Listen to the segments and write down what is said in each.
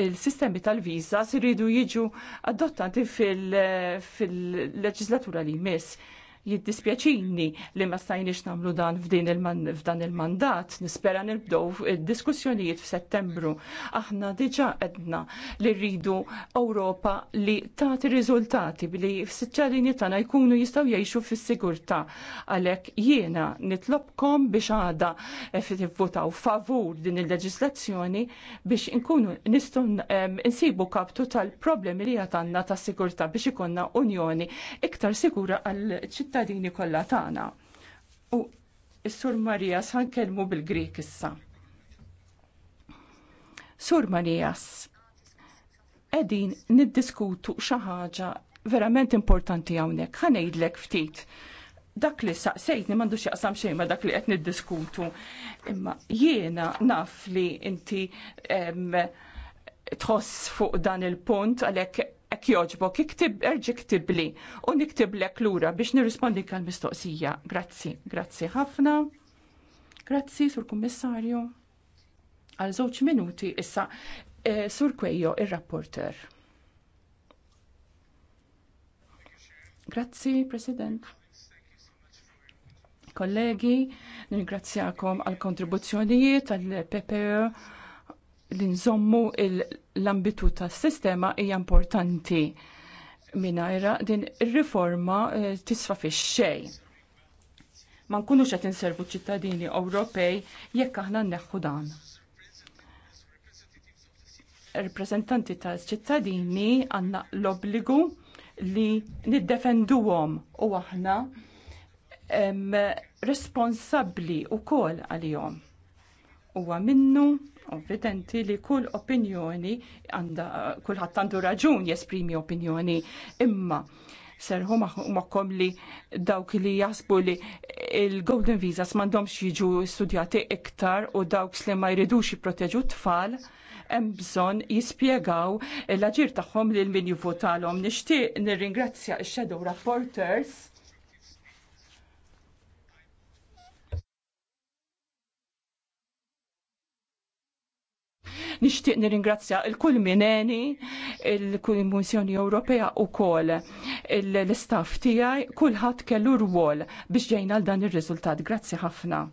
il-sistemi tal-viza siridu jiġu adottati fil-leġislatura li jmiss jiddispjaċini li ma stajniex namlu dan f'dan il-mandat, nispera nibdow diskussjonijiet f'Settembru. Aħna diġa edna li rridu Ewropa li tagħti riżultati li f'siċċarini tagħna jkunu jistgħu jgħixu fis-sigurtà. Għalhekk jiena nitlobkom biex għada eh, votaw favur din il-leġislazzjoni biex nkunu nistgħu eh, nsibu kaptu tal-problemi li għatanna ta' sigurtà biex ikonna unjoni iktar sigura għal ċittadini ċittadini kollha tagħna. U s-Sur Marijas ħankelmu bil-Grek issa. Sur Marijas, edin niddiskutu xi ħaġa verament importanti hawnhekk. Ħanejdlek ftit dak li saqsejtni mandu jaqsam xejn ma dak li qed niddiskutu. Imma jiena naf li inti tħoss fuq dan il-punt għalhekk ek joġbok, iktib, erġi un u niktiblek lura biex nirrispondi kal mistoqsija. Grazzi, grazzi ħafna. Grazzi, sur kummissarju. Għal żewġ minuti issa eh, sur kwejjo ir-rapporter. Grazzi, President. Kollegi, ningrazzjakom għal kontribuzzjonijiet għal PPE li nżommu l-ambitu tas sistema hija importanti minajra din ir-riforma eh, tisfa fix xejn. Ma nkunux qed inservu ċittadini Ewropej jekk aħna nneħħu dan. Rappreżentanti tal-ċittadini għandna l-obbligu li niddefenduhom u aħna responsabbli wkoll għalihom Huwa minnu evidenti li kull opinjoni għanda kulħadd għandu raġun jesprimi opinjoni imma serħu maħkom li dawk li jasbu li il-Golden Visas mandomx jiġu studjati iktar u dawk li ma jridux jipproteġu tfal hemm bżonn jispjegaw l-aġir tagħhom lil min jivvotalhom. Nixtieq nirringrazzja x-Shadow Rapporters Nixtieq nirringrazzja il-kull mineni, il-Kummissjoni Ewropea u kol l-istaff tiegħi kulħadd kellu rwol biex ġejna l dan ir-riżultat. Grazzi ħafna.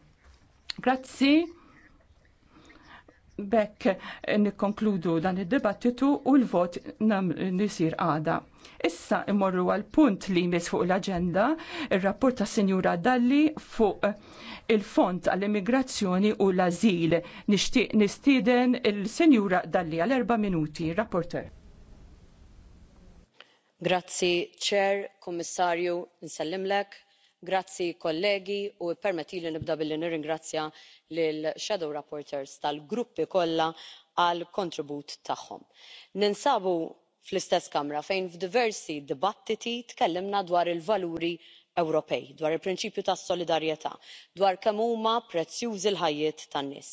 Grazzi. Bekk nikkonkludu dan id-dibattitu u l-vot nisir għada. Issa immorru għal punt li jmiss fuq l-agenda il-rapport ta' Sinjura Dalli fuq il-Fond għall-Immigrazzjoni u l-Azil. Nixtieq nistieden il-Sinjura Dalli għal erba' minuti. Rapporter. Grazzi, Chair, Kummissarju, nsellimlek grazzi kollegi u ippermettili nibda billi nirringrazzja lill shadow rapporteurs tal-gruppi kollha għall-kontribut tagħhom. ninsabu fl-istess kamra fejn f'diversi dibattiti tkellimna dwar il-valuri ewropej dwar il-prinċipju tas-solidarjetà dwar kemm huma prezzjużi l-ħajjiet tan-nies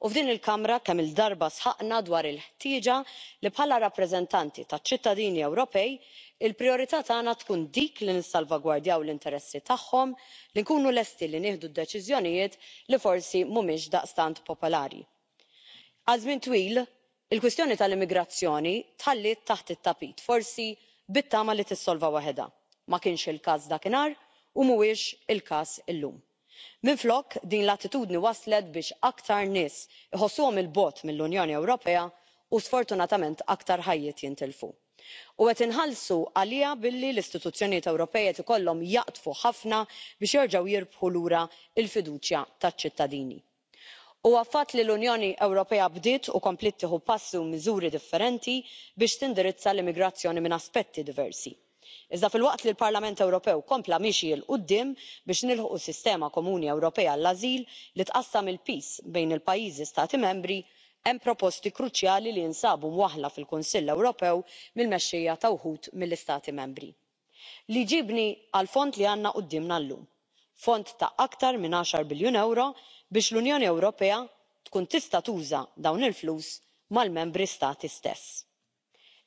u f'din il-kamra kemm il darba sħaqna dwar il-ħtieġa li bħala rappreżentanti taċ-ċittadini ewropej il prijorità tagħna tkun dik li nissalvagwardjaw l-interessi tagħhom li nkunu lesti li nieħdu deċiżjonijiet li forsi mhumiex daqstant popolari. għal żmien twil il kwistjoni tal-immigrazzjoni tħalliet taħt it-tapit forsi bit-tama li tissolva waħedha ma kienx il-każ dakinhar u mhuwiex il-każ illum. minflok din l-attitudni waslet biex aktar nies iħossuhom il bogħod mill-unjoni ewropea u sfortunatament aktar ħajjiet jintilfu u qed inħallsu għaliha billi l-istituzzjonijiet ewropej qed ikollhom jaqtfu ħafna biex jerġgħu jirbħu lura l fiduċja taċ-ċittadini. huwa fatt li l-unjoni ewropea bdiet u komplet tieħu passi u miżuri differenti biex tindirizza l-immigrazzjoni minn aspetti diversi iżda filwaqt li l-parlament ewropew kompla mixi l quddiem biex nilħqu sistema komuni ewropea għall ażil li tqassam il peace bejn il pajjiżi stati membri hemm proposti kruċjali li nsabu mwaħħla fil-kunsill ewropew mill mexxejja ta' wħud mill-istati membri li jġibni għal fond li għandna quddiemna llum fond ta' aktar minn għaxar biljun ewro biex l-unjoni ewropea tkun tista' tuża dawn il-flus mal-membri stati stess.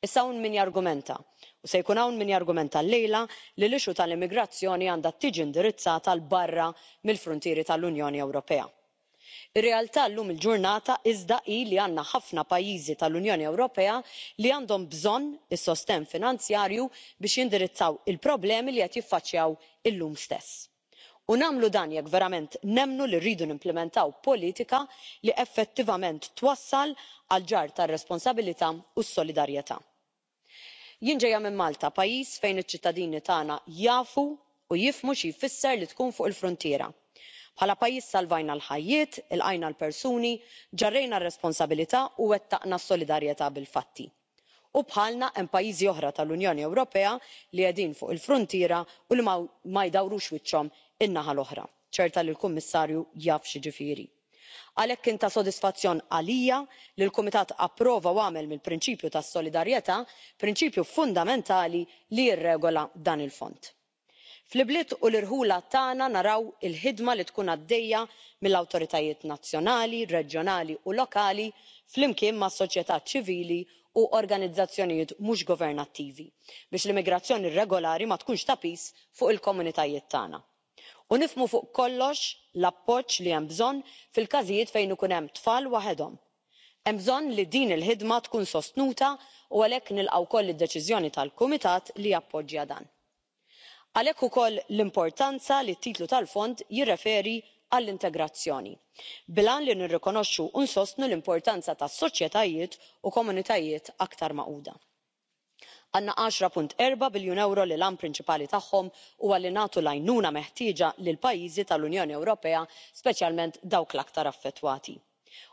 issa hawn min jargumenta u se jkun hawn min jargumenta llejla li l issue tal-immigrazzjoni għandha tiġi indirizzata l barra mill-fruntieri tal-unjoni ewropea ir-realtà llum il-ġurnata iżda hi li għandna ħafna pajjiżi tal-unjoni ewropea li għandhom bżonn is-sostenn finanzjarju biex jindirizzaw il-problemi li qed jiffaċċjaw illum stess u nagħmlu dan jekk verament nemmnu li rridu nimplementaw politika li effettivament twassal għal ġar tar-responsabbiltà u s-solidarjetà. jien ġejja minn malta pajjiż fejn iċ-ċittadini tagħna jafu u jifhmu jfisser li tkun fuq il-fruntiera bħala pajjiż salvajna l ħajjiet ilqajna l persuni ġarrejna r-responsabbiltà u wettaqna s-solidarjetà bil fatti u bħalna hemm pajjiżi oħra tal-unjoni ewropea li qegħdin fuq il-fruntiera u li ma jdawrux wiċċhom in-naħa l-oħra ċerta li l-kummissarju jaf x'jiġifieri. għalhekk kien ta' sodisfazzjon għalija li l-kumitat approva u għamel mill-prinċipju tas-solidarjetà prinċipju fundamentali li jirregola dan il fond fl bliet u l-irħula tagħna naraw il-ħidma li tkun għaddejja mill-awtoritajiet nazzjonali reġjonali u lokali flimkien mas-soċjetà ċivili u organizzazzjonijiet mhux governattivi biex l-immigrazzjoni regolari ma tkunx tapis fuq il-komunitajiet tagħna u nifhmu fuq kollox l-appoġġ li hemm bżonn fil-każijiet fejn ikun hemm tfal waħedhom. hemm bżonn li din il-ħidma tkun sostnuta u għalhekk nilqgħu wkoll id-deċiżjoni tal-kumitat li jappoġġja dan għalhekk ukoll l-importanza li t-titlu tal fond jirreferi għall-integrazzjoni bil-għan li nirrikonoxxu u nsostnu l-importanza ta' soċjetajiet u komunitajiet aktar magħquda. għandna punt erba' biljun ewro li l għan prinċipali tagħhom huwa li nagħtu l-għajnuna meħtieġa lil pajjiżi tal-unjoni ewropea speċjalment dawk l-aktar affettwati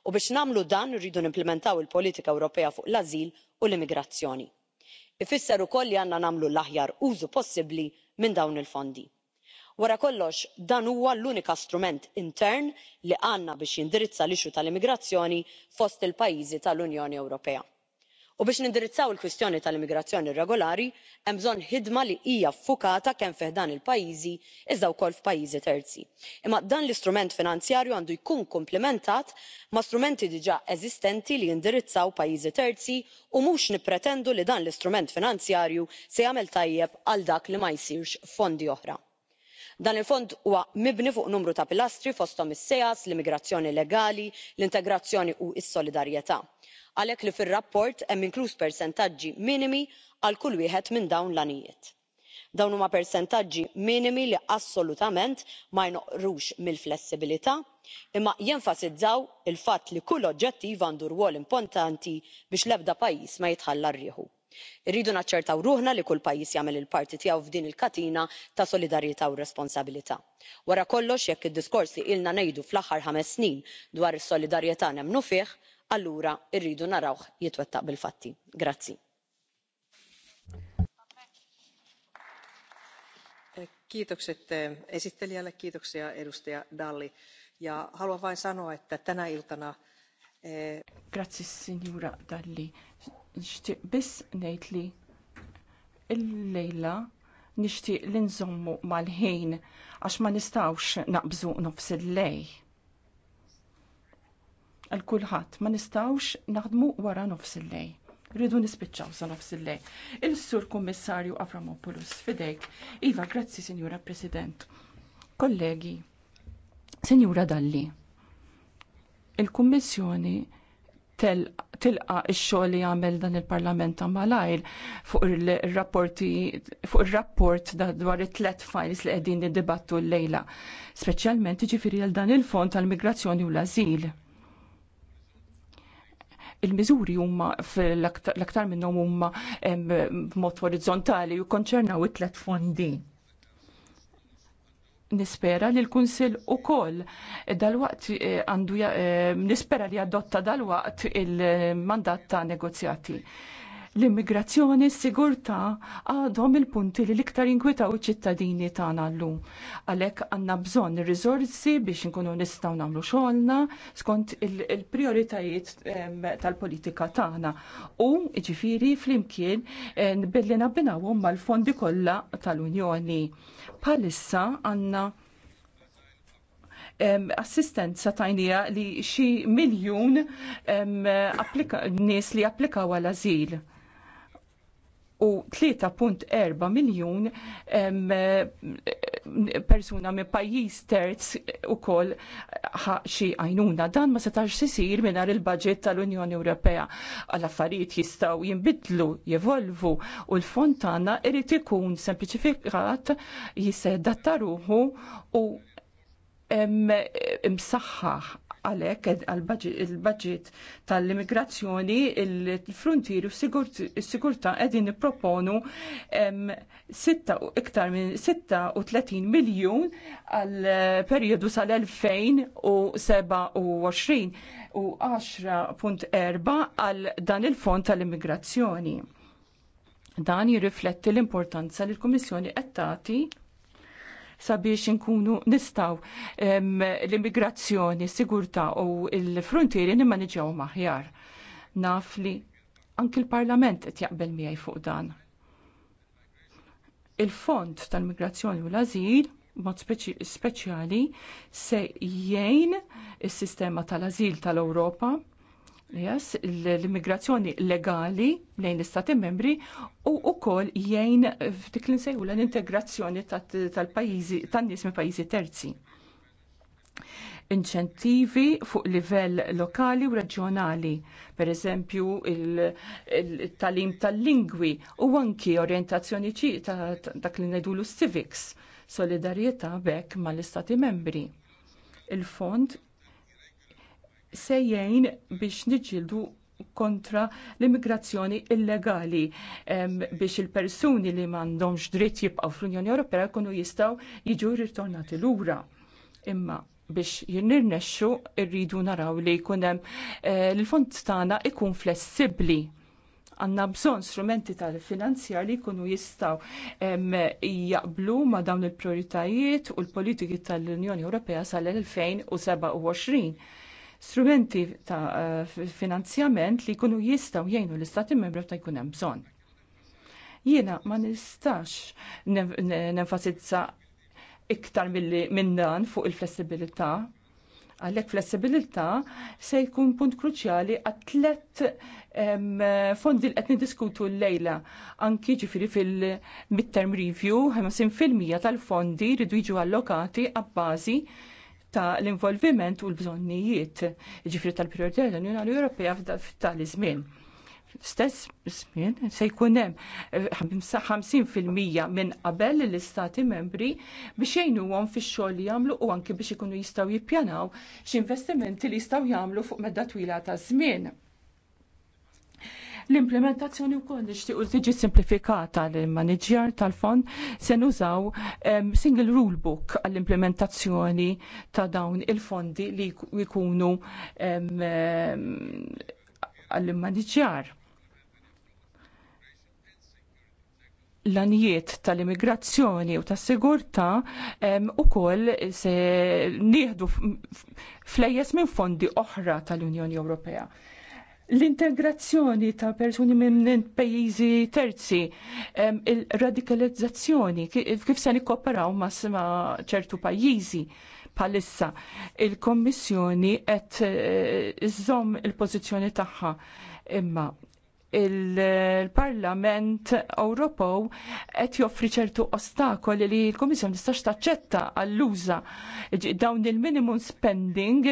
u biex nagħmlu dan irridu nimplementaw il-politika ewropea fuq l-ażil u l-immigrazzjoni. ifisser ukoll li għandna nagħmlu l aħjar użu possibbli minn dawn il fondi. wara kollox dan huwa l unika strument intern li għandna biex jindirizza l issue tal immigrazzjoni fost il pajjiżi tal unjoni ewropea u biex nindirizzaw il-kwistjoni tal-immigrazzjoni regolari hemm bżonn ħidma li hija ffukata kemm fih dan il-pajjiżi iżda wkoll f'pajjiżi terzi imma dan l-istrument finanzjarju għandu jkun komplementat ma' strumenti diġà eżistenti li jindirizzaw pajjiżi terzi u mhux nippretendu li dan l-istrument finanzjarju se jagħmel tajjeb għal dak li ma jsirx f'fondi oħra. dan il fond huwa mibni fuq numru ta' pilastri fosthom is seas l immigrazzjoni legali l integrazzjoni u s solidarjetà għalhekk li fir-rapport hemm inkluż persentaġġi minimi għal kull wieħed minn dawn l-għanijiet. dawn huma persentaġġi minimi li assolutament ma jnoqrux mill-flessibilità imma jenfasizzaw il-fatt li kull oġġettiv għandu rwol importanti biex l-ebda pajjiż ma jitħallar rieħu. irridu naċċertaw ruħna li kull pajjiż jagħmel il-parti tiegħu f'din il-katina ta' solidarjetà u responsabbiltà. wara kollox jekk id-diskors li ilna ngħidu fl-aħħar ħames snin dwar is-solidarjetà nemmnu fih allura rridu narawh jitwettaq bil fatti. Eh, kiitokset eh, esittelijalle, kiitoksia edustaja dalli ja haluan vain sanoa että tänä iltana eh, Grazzi signora Dalli. għax ma naqbżu għal kulħadd ma nistgħux naħdmu wara nofs il-lej. Ridu nispiċċaw sa nofs il-lej. Il-Sur Kummissarju Avramopoulos fidejk. Iva, grazzi Sinjura President. Kollegi, Sinjura Dalli, il-Kummissjoni tilqa x-xogħol li għamel dan il-Parlament ta' Malajl fuq ir-rapporti fuq ir-rapport dwar it-tlet files li qegħdin niddibattu llejla, speċjalment jiġifieri għal dan il-fond tal-migrazzjoni u l-ażil il-miżuri huma l-aktar minnhom huma b'mod orizzontali u konċernaw it-tlet fondi. Nispera li l-Kunsil ukoll waqt eh, għandu eh, nispera li adotta dalwaqt il-mandat ta' negozjati. L-immigrazzjoni, s-sigurta għadhom il-punti li l-iktar inkwitaw iċ-ċittadini tagħna llum. Għalhekk għandna bżonn ir-riżorsi biex inkunu nistgħu nagħmlu xogħolna skont il-prijoritajiet ehm, tal-politika tagħna u ġifieri flimkien eh, billi nabbinawhom mal-fondi kollha tal-Unjoni. Palissa għandna ehm, assistenza tajnija li xi miljun ehm, nies li applikaw għal azil u 3.4 miljun persuna minn pajjiż terz ukoll xi għajnuna. Dan ma setax sisir mingħajr il-budget tal-Unjoni Ewropea. Għal affarijiet jistgħu jinbidlu, jevolvu u l fontana tagħna irid ikun sempliċifikat jista' jadattaruhu u imsaħħaħ għalek għall-baġit tal-immigrazzjoni il frontier u s-sigurtà qegħdin nipproponu iktar minn 36 miljun għal eh, perjodu sal-2027 u 10.4 għal dan il-fond tal-immigrazzjoni. Dan jirrifletti l-importanza li l-Kummissjoni qed tagħti sabiex inkunu nistaw l-immigrazzjoni, sigurta u l-frontieri nimma nġew maħjar. Naf li anki l-Parlament qed jaqbel miegħi fuq dan. Il-Fond tal-Migrazzjoni u l-Azil mod speċjali se jgħin is-sistema tal-Azil tal-Ewropa Yes, l-immigrazzjoni legali lejn l-istati membri u kol jgħin f'dik li nsejħu l-integrazzjoni tal-pajjiżi tan-nies minn pajjiżi terzi. Inċentivi fuq livell lokali u reġjonali, per eżempju il-talim tal-lingwi u anki orientazzjoni ċi ta' dak li civics, solidarjetà bekk mal-istati membri il-fond sejjejn biex niġildu kontra l-immigrazzjoni illegali biex il-persuni li m'għandhomx dritt jibqgħu fl-Unjoni Ewropea jkunu jistgħu jiġu rritornati lura. Imma biex jinnirnexxu rridu naraw li jkun hemm eh, l-fond tagħna ikun flessibbli għanna bżon strumenti tal-finanzjar li jkunu jistaw jaqblu ma dawn il-prioritajiet u l-politiki tal-Unjoni Ewropea sal-2027 strumenti ta' eh, finanzjament li jkunu jistgħu jgħinu l-istati membru ta' jkun hemm bżonn. Jiena ma nistax nenfasizza iktar minn dan fuq il-flessibilità għalhekk flessibilità se jkun punt kruċjali għat tlet fondi li qed niddiskutu llejla anki ġifiri fil-midterm review fil-mija tal-fondi jridu jiġu allokati għabbażi ta' l-involviment u l-bżonnijiet ġifri tal-priorità tal-Unjoni Ewropea ftal żmien Stess żmien se jkun hemm 50% eh, minn qabel l-istati membri biex jgħinuhom fix-xogħol li jagħmlu u anke biex ikunu jistgħu jippjanaw x'investimenti li jistgħu jagħmlu fuq medda twila ta' żmien L-implementazzjoni wkoll nixtiequ tiġi simplifikata l-manager tal-fond se nużaw single rule book għall-implementazzjoni ta' dawn il-fondi li jkunu għall-manager. l-anijiet tal-immigrazzjoni u tas-sigurtà koll se nieħdu flejjes minn fondi oħra tal-Unjoni Ewropea. L-integrazzjoni ta' persuni minn pajjiżi terzi, il-radikalizzazzjoni, kif se nikkooperaw ma' ċertu pajjiżi palissa. Il-Kommissjoni qed eh, iżomm il-pożizzjoni tagħha imma il-Parlament Ewropew qed joffri ċertu ostakoli li l kummissjoni tistax taċċetta għall-uża dawn il-minimum spending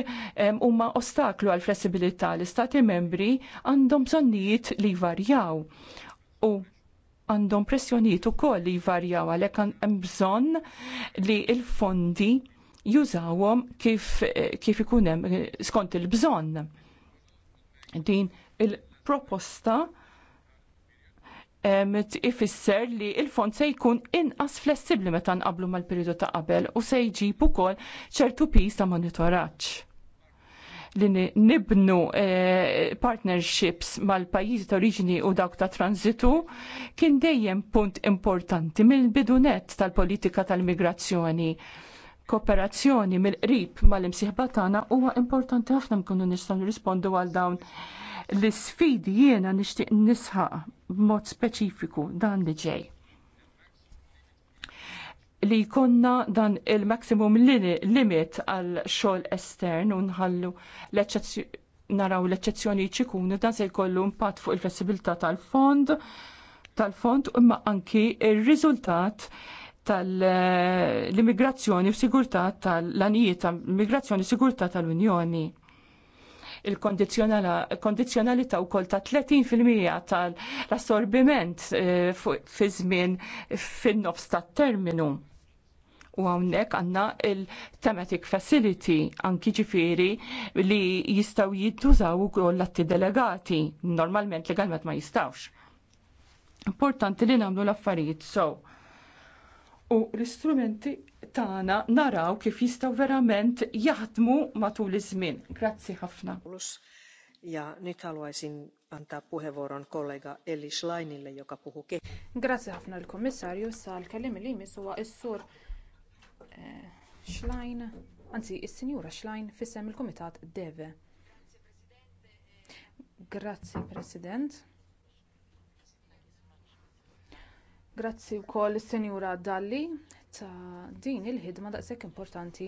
huma ostaklu għal flessibilità l-Istati membri għandhom bżonnijiet li jvarjaw. U għandhom pressjonijiet ukoll li jvarjaw għalhekk hemm bżonn li l-fondi jużawhom kif, kif ikun hemm skont il-bżonn. Din il- proposta ifisser li il-fond se jkun inqas flessibbli meta nqablu mal-periodu ta' qabel u se jġib ukoll ċertu pis ta' monitoraġġ li nibnu e, partnerships mal-pajjiżi ta' oriġini u dawk ta' tranzitu kien dejjem punt importanti mill-bidunet tal-politika tal-migrazzjoni. Kooperazzjoni mill-qrib mal-imsieħba tagħna huwa importanti ħafna nkunu nistgħu nirrispondu għal dawn l-sfidi jiena nixtieq nisħaq b'mod speċifiku dan li ġej li konna dan il-maximum limit għal xogħol estern u nħallu naraw l eċezzjoni ċikunu dan se jkollu impatt fuq il-flessibilità tal-fond tal-fond imma anki il riżultat tal-immigrazzjoni eh, u sigurtà tal lanijiet tal-immigrazzjoni sigurtà tal-Unjoni il-kondizjonalità wkoll ta' 30% tal-assorbiment eh, fi żmien fin-nofs tat-terminu. U hawnhekk għandna il-thematic facility anki ġifieri li jistgħu jittużaw ukoll l-atti delegati, normalment legalment ma jistawx. Importanti li nagħmlu l-affarijiet so. U l-istrumenti tagħna naraw kif jistgħu verament jaħdmu matul iż-żmien. Grazzi ħafna. Ja nyt haluaisin antaa puheenvuoron kollega Eli Schleinille, joka puhu ke- Grazzi ħafna l-komissarju sal kellim li huwa s-sur eh, Schlein, anzi is-sinjura Schlein fissem il-Kumitat Deve. Grazie President. Grazzi wkoll is-Senjura Dalli ta' din il-ħidma daqshekk importanti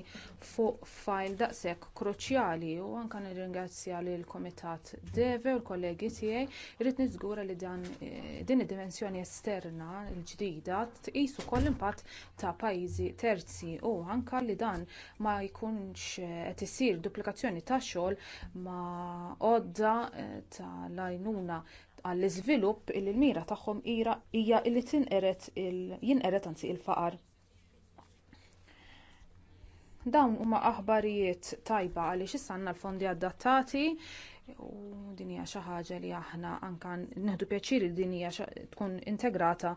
fuq file daqshekk kruċjali u anke nirringrazzja lill kumitat Deve u l-kollegi tiegħi irid niżgura li dan din id-dimensjoni esterna l-ġdida tqis ukoll impatt ta' pajjiżi terzi u anke li dan ma jkunx qed isir duplikazzjoni ta' xogħol ma' għodda eh, tal lajnuna għall-iżvilupp li l-mira tagħhom hija li jinqered anzi l-faqar dawn huma aħbarijiet tajba għaliex issa għandna l-fondi adattati u din hija xi ħaġa li aħna anke neħdu pjaċir li din hija tkun integrata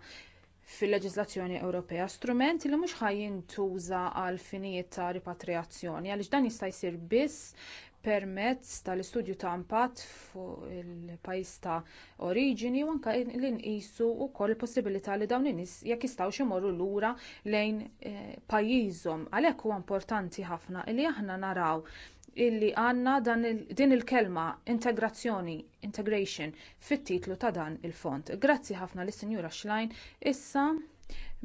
fil-leġiżlazzjoni Ewropea Strumenti li mhux ħajjintuża għal finijiet ta' ripatrijazzjoni għaliex dan jista' jsir biss permezz tal-istudju ta' impatt fuq il-pajjiż ta' oriġini u anke li nqisu wkoll il-possibilità li dawn in-nies jekk jistgħux imorru lura lejn eh, pajjiżhom għalhekk huwa importanti ħafna li aħna naraw illi għandna din il-kelma integrazzjoni integration fit-titlu ta' dan il-fond. Grazzi ħafna lis sinjura Schlein issa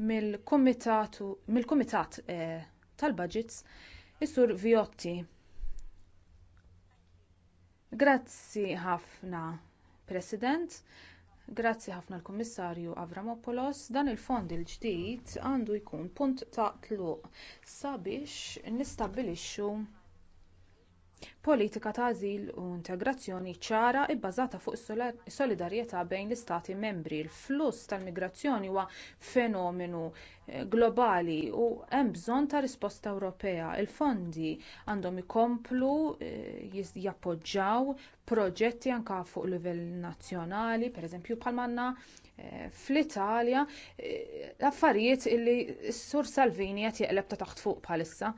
mill-kumitat mil eh, tal-budgets is-sur Viotti Grazzi ħafna, President. Grazzi ħafna l-Kummissarju Avramopoulos. Dan il-fond il-ġdid għandu jkun punt ta' tluq sabiex nistabbilixxu politika ta' ażil u integrazzjoni ċara bbażata fuq is-solidarjetà bejn l-istati membri il-fluss tal-migrazzjoni huwa fenomenu eh, globali u hemm bżonn ta' risposta ewropea il-fondi għandhom ikomplu eh, jappoġġjaw proġetti anke fuq livell nazzjonali pereżempju bħal għandna eh, fl-italja affarijiet li s-sur salvini qed jeqleb ta' taħt fuq bħalissa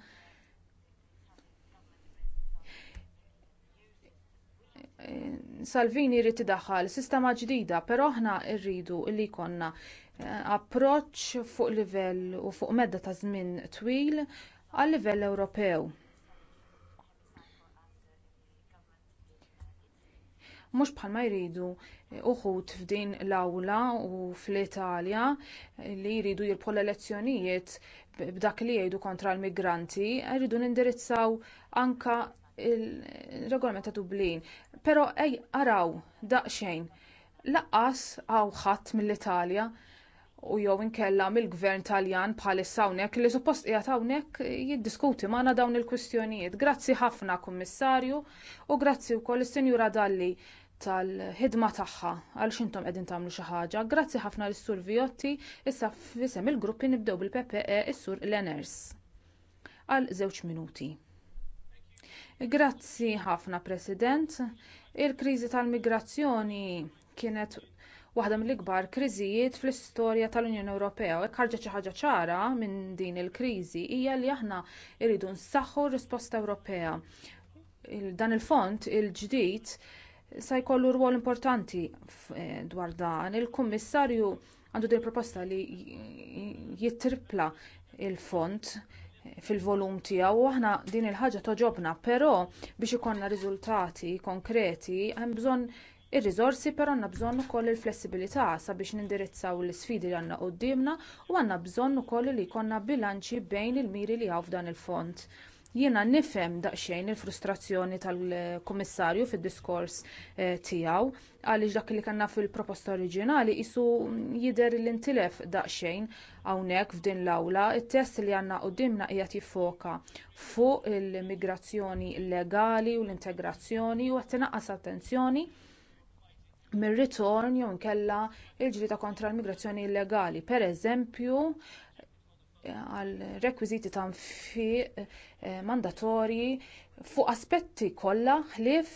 Salvini jrid idaħħal sistema ġdida, però aħna rridu li jkollna eh, approċċ fuq livell u fuq medda ta' żmien twil għal livell Ewropew. Mhux bħalma jridu uħud f'din l-awla u fl-Italja li jridu jirbħu l-elezzjonijiet b'dak li jgħidu kontra l-migranti, jridu nindirizzaw anka il-regolament ta' Dublin. Però ej araw daqsxejn laqqas għaw ħadd mill-Italja u jew inkella mill-gvern Taljan bħalissa hawnhekk li suppost qiegħed hawnhekk jiddiskuti magħna dawn il-kwistjonijiet. Grazzi ħafna Kummissarju u grazzi wkoll is-Sinjura Dalli tal-ħidma tagħha għal xintom qegħdin tagħmlu xi ħaġa. Grazzi ħafna lis sur Viotti issa f'isem il-gruppi nibdew bil-PPE is-Sur Leners għal żewġ minuti. Grazzi ħafna, President. Il-kriżi tal-migrazzjoni kienet waħda mill-ikbar kriżijiet fl-istorja tal-Unjoni Ewropea u hekk ħarġet xi ħaġa ċara minn din il-kriżi hija li aħna rridu nsaħħu r-risposta Ewropea. Dan il-fond il-ġdid se jkollu rwol importanti eh, dwar dan. Il-Kummissarju għandu din proposta li jittripla il-fond fil-volum tiegħu aħna din il-ħaġa toġobna, però biex ikollna riżultati konkreti hemm bżonn ir-riżorsi però għandna bżonn ukoll il-flessibilità sabiex nindirizzaw l-isfidi li għandna quddiemna u għandna bżonn ukoll li jkollna bilanċi bejn il-miri li hawn f'dan il-fond Jiena nifhem daqsxejn il-frustrazzjoni tal-Kummissarju fid-diskors eh, tiegħu għaliex dak li kellna fil-proposta oriġinali qisu jidher li ntilef daqsxejn hawnhekk f'din l-awla. It-test li għandna quddiemna qiegħed jiffoka fuq il-migrazzjoni illegali u l-integrazzjoni u qed tinqas attenzjoni mir-ritorn jew inkella l ġrieda kontra l-migrazzjoni illegali pereżempju għal rekwiżiti ta' nfiq eh, mandatorji fuq aspetti kollha ħlief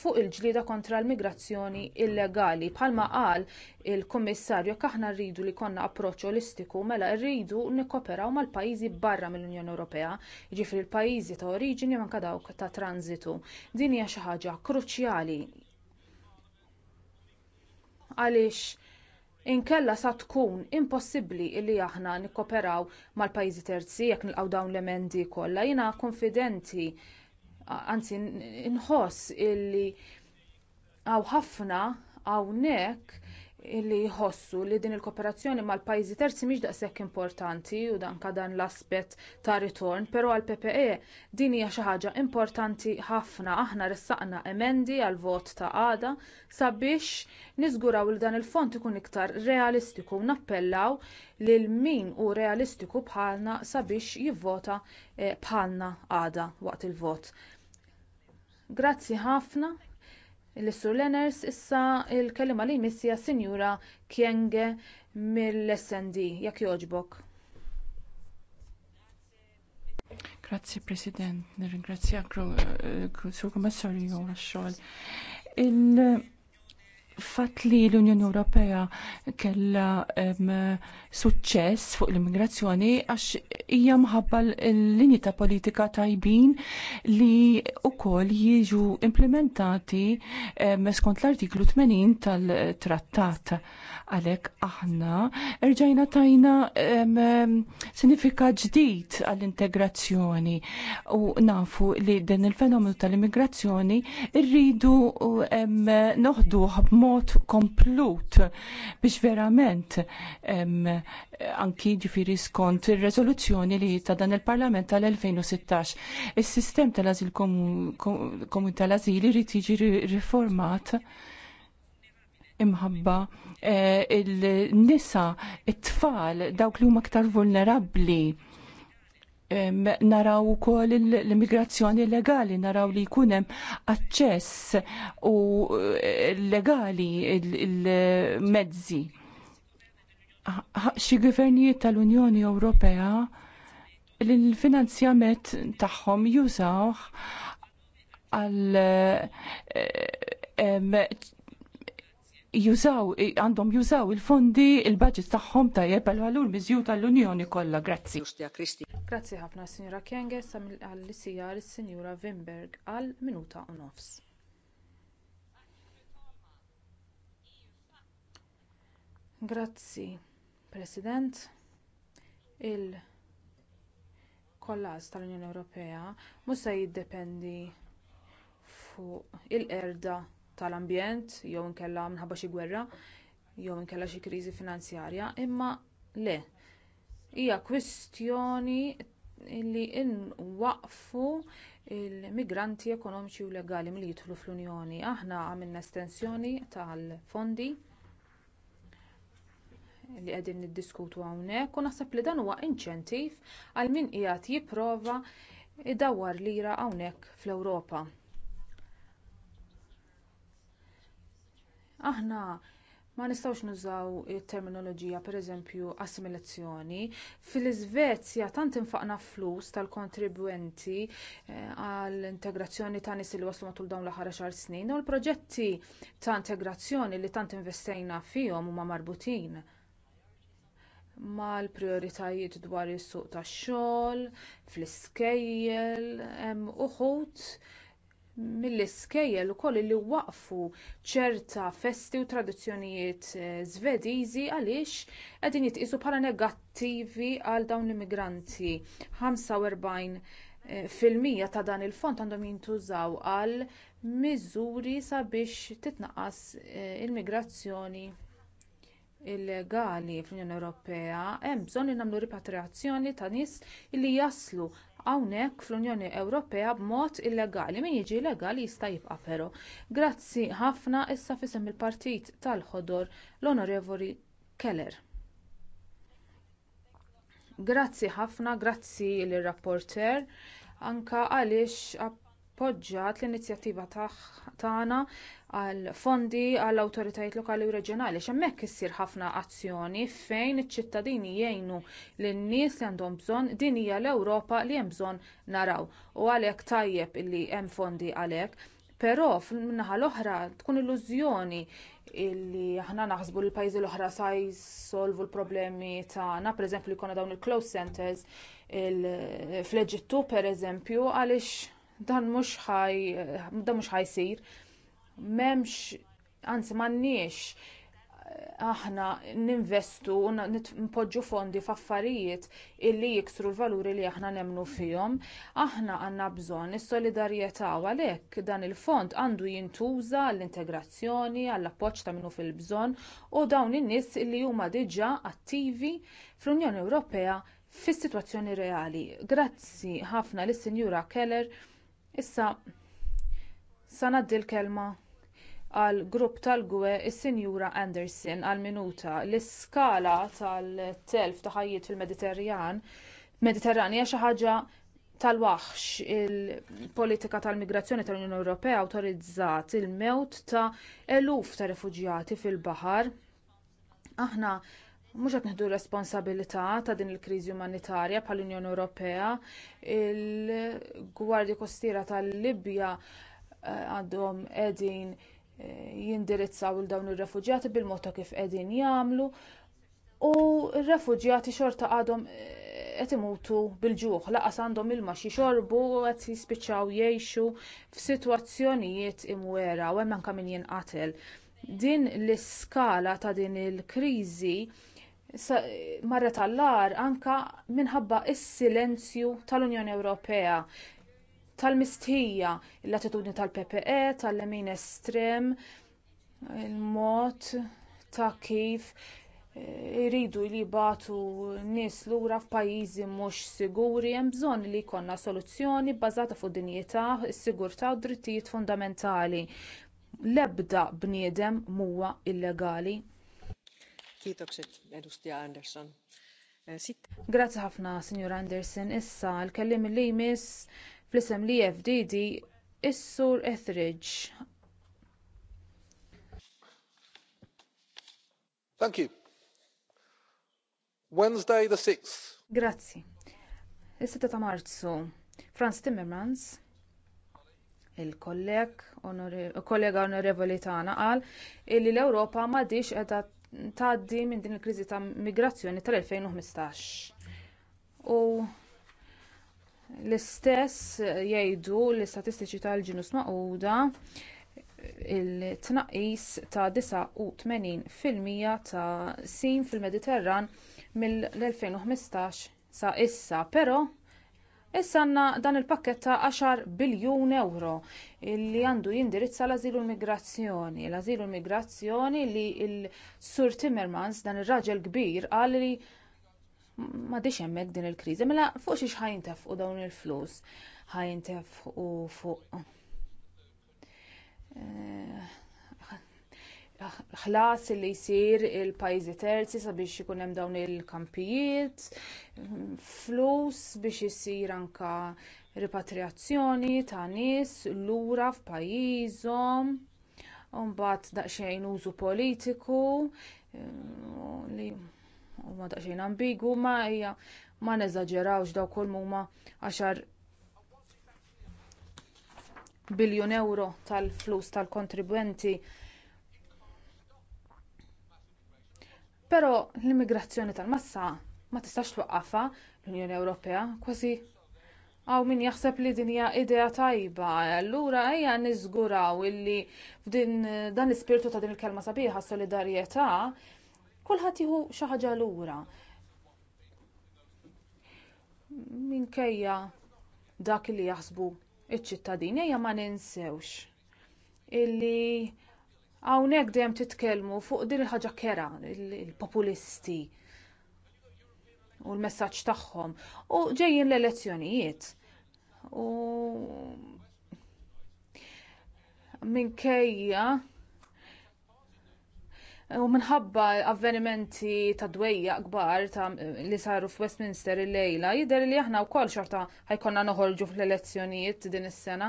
fuq il-ġlieda kontra l-migrazzjoni illegali. Bħalma qal il-Kummissarju jekk aħna rridu li jkollna approċċ olistiku mela rridu nikkoperaw mal-pajjiżi barra mill-Unjoni Ewropea, jiġifieri l-pajjiżi ta' oriġini manka dawk ta' transitu. Din hija xi ħaġa kruċjali għaliex inkella sa tkun impossibbli li aħna nikkoperaw mal-pajjiżi terzi jekk nilqgħu dawn l-emendi kollha. Jiena konfidenti anzi nħoss illi hawn ħafna hawnhekk illi jħossu li din il-kooperazzjoni mal-pajjiżi terzi mhix daqshekk importanti u danka dan l-aspett ta' ritorn, però għall PPE din hija xi ħaġa importanti ħafna. Aħna ressaqna emendi għal vot ta' għada sabiex niżguraw li dan il-fond ikun iktar realistiku u nappellaw lil min hu realistiku bħalna sabiex jivvota eh, bħalna għada waqt il-vot. Grazzi ħafna l-Sur Lenners issa l kelliema li jmissija Sinjura Kienge mill sd Jekk jogħġbok. Grazzi President, nirringrazzjak Sur Kummissarju għax-xogħol fatt li l-Unjoni Ewropea kellha suċċess fuq l-immigrazzjoni għax hija mħabba l-linji ta' politika tajbin li wkoll jiġu implementati skont l-artiklu 80 tal-trattat Għalhekk aħna rġajna tajna sinifikat ġdid għall-integrazzjoni u nafu li din il-fenomenu tal-immigrazzjoni rridu noħduh b'mod komplut biex verament anki ġifiri skont il-rezoluzzjoni li ta' dan il-Parlament tal-2016. Is-sistem tal-azil Komun tal-azil irid jiġi riformat imħabba eh, il-nisa, it-tfal, dawk li huma aktar vulnerabbli naraw ukoll l-immigrazzjoni legali, naraw li jkun hemm aċċess u eh, legali il-mezzi. Xi gvernijiet tal-Unjoni Ewropea l-finanzjament tagħhom jużaw għal eh, jużaw, għandhom jużaw il-fondi, il-budget tagħhom tajjeb għal-valur mizju tal-Unjoni kollha. Grazzi. Grazzi ħafna, Sinjura Kenge, għall sijar l-Sinjura Wimberg għal minuta u nofs. Grazzi, President. Il-kollaż tal-Unjoni Ewropea mhux se jiddependi fuq il-qerda tal-ambjent jew inkella minħabba xi gwerra jew inkella xi kriżi finanzjarja imma le hija kwistjoni li nwaqfu l-migranti ekonomiċi u legali milli jidħlu fl-unjoni aħna għamilna estensjoni tal-fondi li qegħdin niddiskutu hawnhekk u naħseb li dan huwa inċentiv għal min qiegħed jipprova idawwar lira hawnhekk fl-ewropa aħna ma nistgħux nużaw it-terminoloġija pereżempju assimilazzjoni fil-iżvezja tant infaqna flus tal-kontribwenti eh, għall-integrazzjoni ta' nies li waslu matul dawn l-aħħar xar snin u l-proġetti ta' integrazzjoni li tant investejna fihom huma marbutin mal-prijoritajiet dwar is-suq tax-xogħol fl-iskejjel hemm uħud mill-iskejjel ukoll li waqfu ċerta festi u tradizzjonijiet żvediżi eh, għaliex qegħdin jitqisu bħala negattivi għal dawn l-immigranti. 45 eh, fil-mija ta' dan il-fond għandhom jintużaw għal miżuri sabiex titnaqqas eh, il-migrazzjoni illegali fl-Unjoni Ewropea hemm bżonn li nagħmlu ripatriazzjoni ta' nies li jaslu hawnhekk fl-unjoni ewropea b'mod illegali min jiġi legali jista' jibqa' però. grazzi ħafna issa f'isem il-partit tal-ħodor l-onorevoli keller grazzi ħafna grazzi lir-rapporteur anke għaliex appoġġjat l-inizjattiva tagħna għal fondi għall awtoritajiet lokali u reġjonali hemmhekk issir ħafna azzjoni fejn iċ-ċittadini jgħinu lin-nies li għandhom bżonn din hija l-Ewropa li hemm bżonn naraw u għalhekk tajjeb li hemm fondi għalhekk però min-naħa l-oħra tkun illużjoni li aħna naħsbu li l-pajjiżi l-oħra sa jsolvu l-problemi tagħna, pereżempju li jkollna dawn il-close centers fl-Eġittu pereżempju għaliex dan mhux ħaj dan mhux ħajsir m'hemmx anzi m'għandniex eh, aħna ninvestu u npoġġu fondi f'affarijiet illi jiksru l-valuri li aħna nemnu fihom. Aħna għandna bżonn is-solidarjetà u għalhekk dan il-fond għandu jintuża għall-integrazzjoni, għall-appoġġ ta' minnu fil-bżonn u dawn in-nies illi huma diġà attivi fl-Unjoni Ewropea fis-sitwazzjoni reali. Grazzi ħafna lis-Sinjura Keller Issa sa ngħaddi l-kelma għall grupp tal-gwe is-sinjura Anderson għall minuta l-iskala tal-telf ta' ħajjiet fil-Mediterran xi ħaġa tal-waħx il-politika tal-migrazzjoni tal-Unjoni Ewropea awtorizzat il-mewt ta' eluf ta' rifuġjati fil-baħar. Aħna mhux qed neħdu r-responsabilità ta' din il-kriżi umanitarja bħall-Unjoni Ewropea, il-Gwardja Kostiera tal-Libja eh, għadhom qegħdin eh, jindirizzaw il dawn ir-refuġjati bil-mod ta' kif qegħdin jagħmlu u r-refuġjati xorta għadhom eh, qed imutu bil-ġuħ lanqas għandhom ilma xi xorbu u qed jispiċċaw jgħixu f'sitwazzjonijiet imwera u hemm anke min jinqatel din l-iskala ta' din il-kriżi marra tal-lar anke minħabba s-silenzju tal-Unjoni Ewropea tal-mistħija l-attitudni tal-PPE tal-lemin estrem il-mod ta' kif eh, iridu li jbagħtu nies lura f'pajjiżi mhux siguri hemm bżonn li jkollna soluzzjoni bbażata fuq dinjità, is-sigurtà u d-drittijiet fundamentali. L-ebda bniedem huwa illegali. Eh, Grazzi ħafna, Signor Anderson. Issa, l-kellim li jmiss fl-isem li FDD, Is-Sur Etheridge. Thank you. Wednesday the 6th. Grazzi. Is-6 ta' Marzu, Franz Timmermans, il-kollega onorevoli tagħna qal illi l-Ewropa m'għadix qiegħda tgħaddi minn din il-kriżi ta' migrazzjoni tal-2015 u l-istess jgħidu l-istatistiċi tal-ġinus magħquda il-tnaqqis ta' 89 fil-mija ta' sin fil-mediterran mill-2015 sa issa però Issa għandna dan il-pakket ta' 10 biljun euro li għandu jindirizza l-azilu migrazzjoni. L-azilu migrazzjoni li l-Sur Timmermans dan ir-raġel kbir għal li ma diċ hemmhekk din il-kriżi, mela fuq xiex ħajntef u dawn il-flus ħajntef u fuq eh, ħlas li jsir il-pajjiżi terzi sabiex ikun hemm dawn il-kampijiet, flus biex jisir anka ripatrijazzjoni ta' nies lura f'pajjiżhom, u mbagħad daqsxejn użu politiku li huma daqsxejn ambigu ma hija ma neżaġerawx dawk kull huma għaxar biljun euro tal-flus tal-kontribwenti tal flus tal kontribwenti Però l-immigrazzjoni tal-massa ma tistax twaqqafha l-Unjoni Ewropea kważi għaw min jaħseb li din hija idea tajba, allura ejja niżguraw illi f'din dan l-ispirtu ta' din il-kelma sabiħa solidarjetà kulħadd jieħu xi ħaġa lura minkejja dak li jaħsbu iċ ċittadini ejja ma ninsewx illi Hawnhekk dejjem titkellmu fuq din il-ħaġa kera il-populisti u l-messaġġ tagħhom u ġejjin l-elezzjonijiet u minkejja U minħabba avvenimenti ta' dwejja kbar li saru f'Westminster il-lejla, jidher li aħna wkoll xorta ħajkonna noħorġu fl-elezzjonijiet din is-sena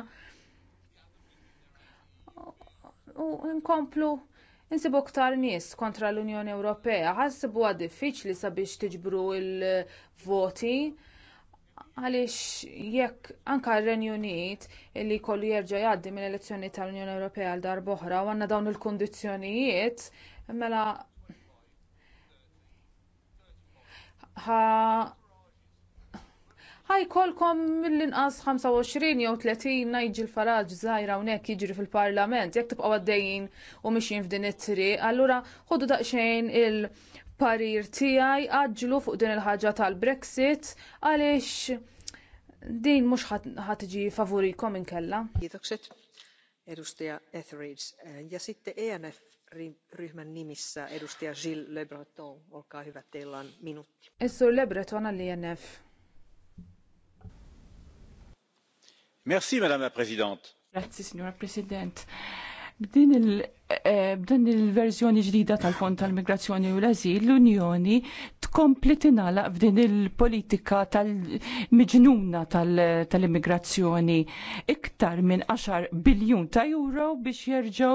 u nkomplu Insibu ktar nies kontra l-Unjoni Ewropea, ħassibu għad diffiċli sabiex tiġbru il-voti, għaliex jekk anka r-Renju Unit li jkollu jerġa' jgħaddi mill-elezzjoni tal-Unjoni Ewropea għal dar boħra, u għandna dawn il-kundizzjonijiet, mela ħa ħajkolkom mill-inqas 25 jew 30 najġi l-faraġ zaħira hawnhekk jiġri fil-Parlament jekk tibqgħu għaddejjin u miexin f'din it-triq, allura ħoddu daqsxejn il-parir tiegħi għaġġlu fuq din il-ħaġa tal-Brexit għaliex din mhux ħatiġi favurikom inkella. Kiitokset erustija Etheridge. Eh, ja sitten ENF-ryhmän nimissa edustaja Gilles Lebreton, olkaa hyvä, teillä on minuutti. Essur Lebreton, ENF. Merci, Madame la President. Grazzi, Signora President. B'din il- eh, b'dan il-verżjoni ġdida tal-Fond tal-Migrazzjoni u l-Azil, l-Unjoni tkompli tinala f'din il-politika tal-miġnuna tal-immigrazzjoni iktar minn 10 biljun ta' euro biex jerġgħu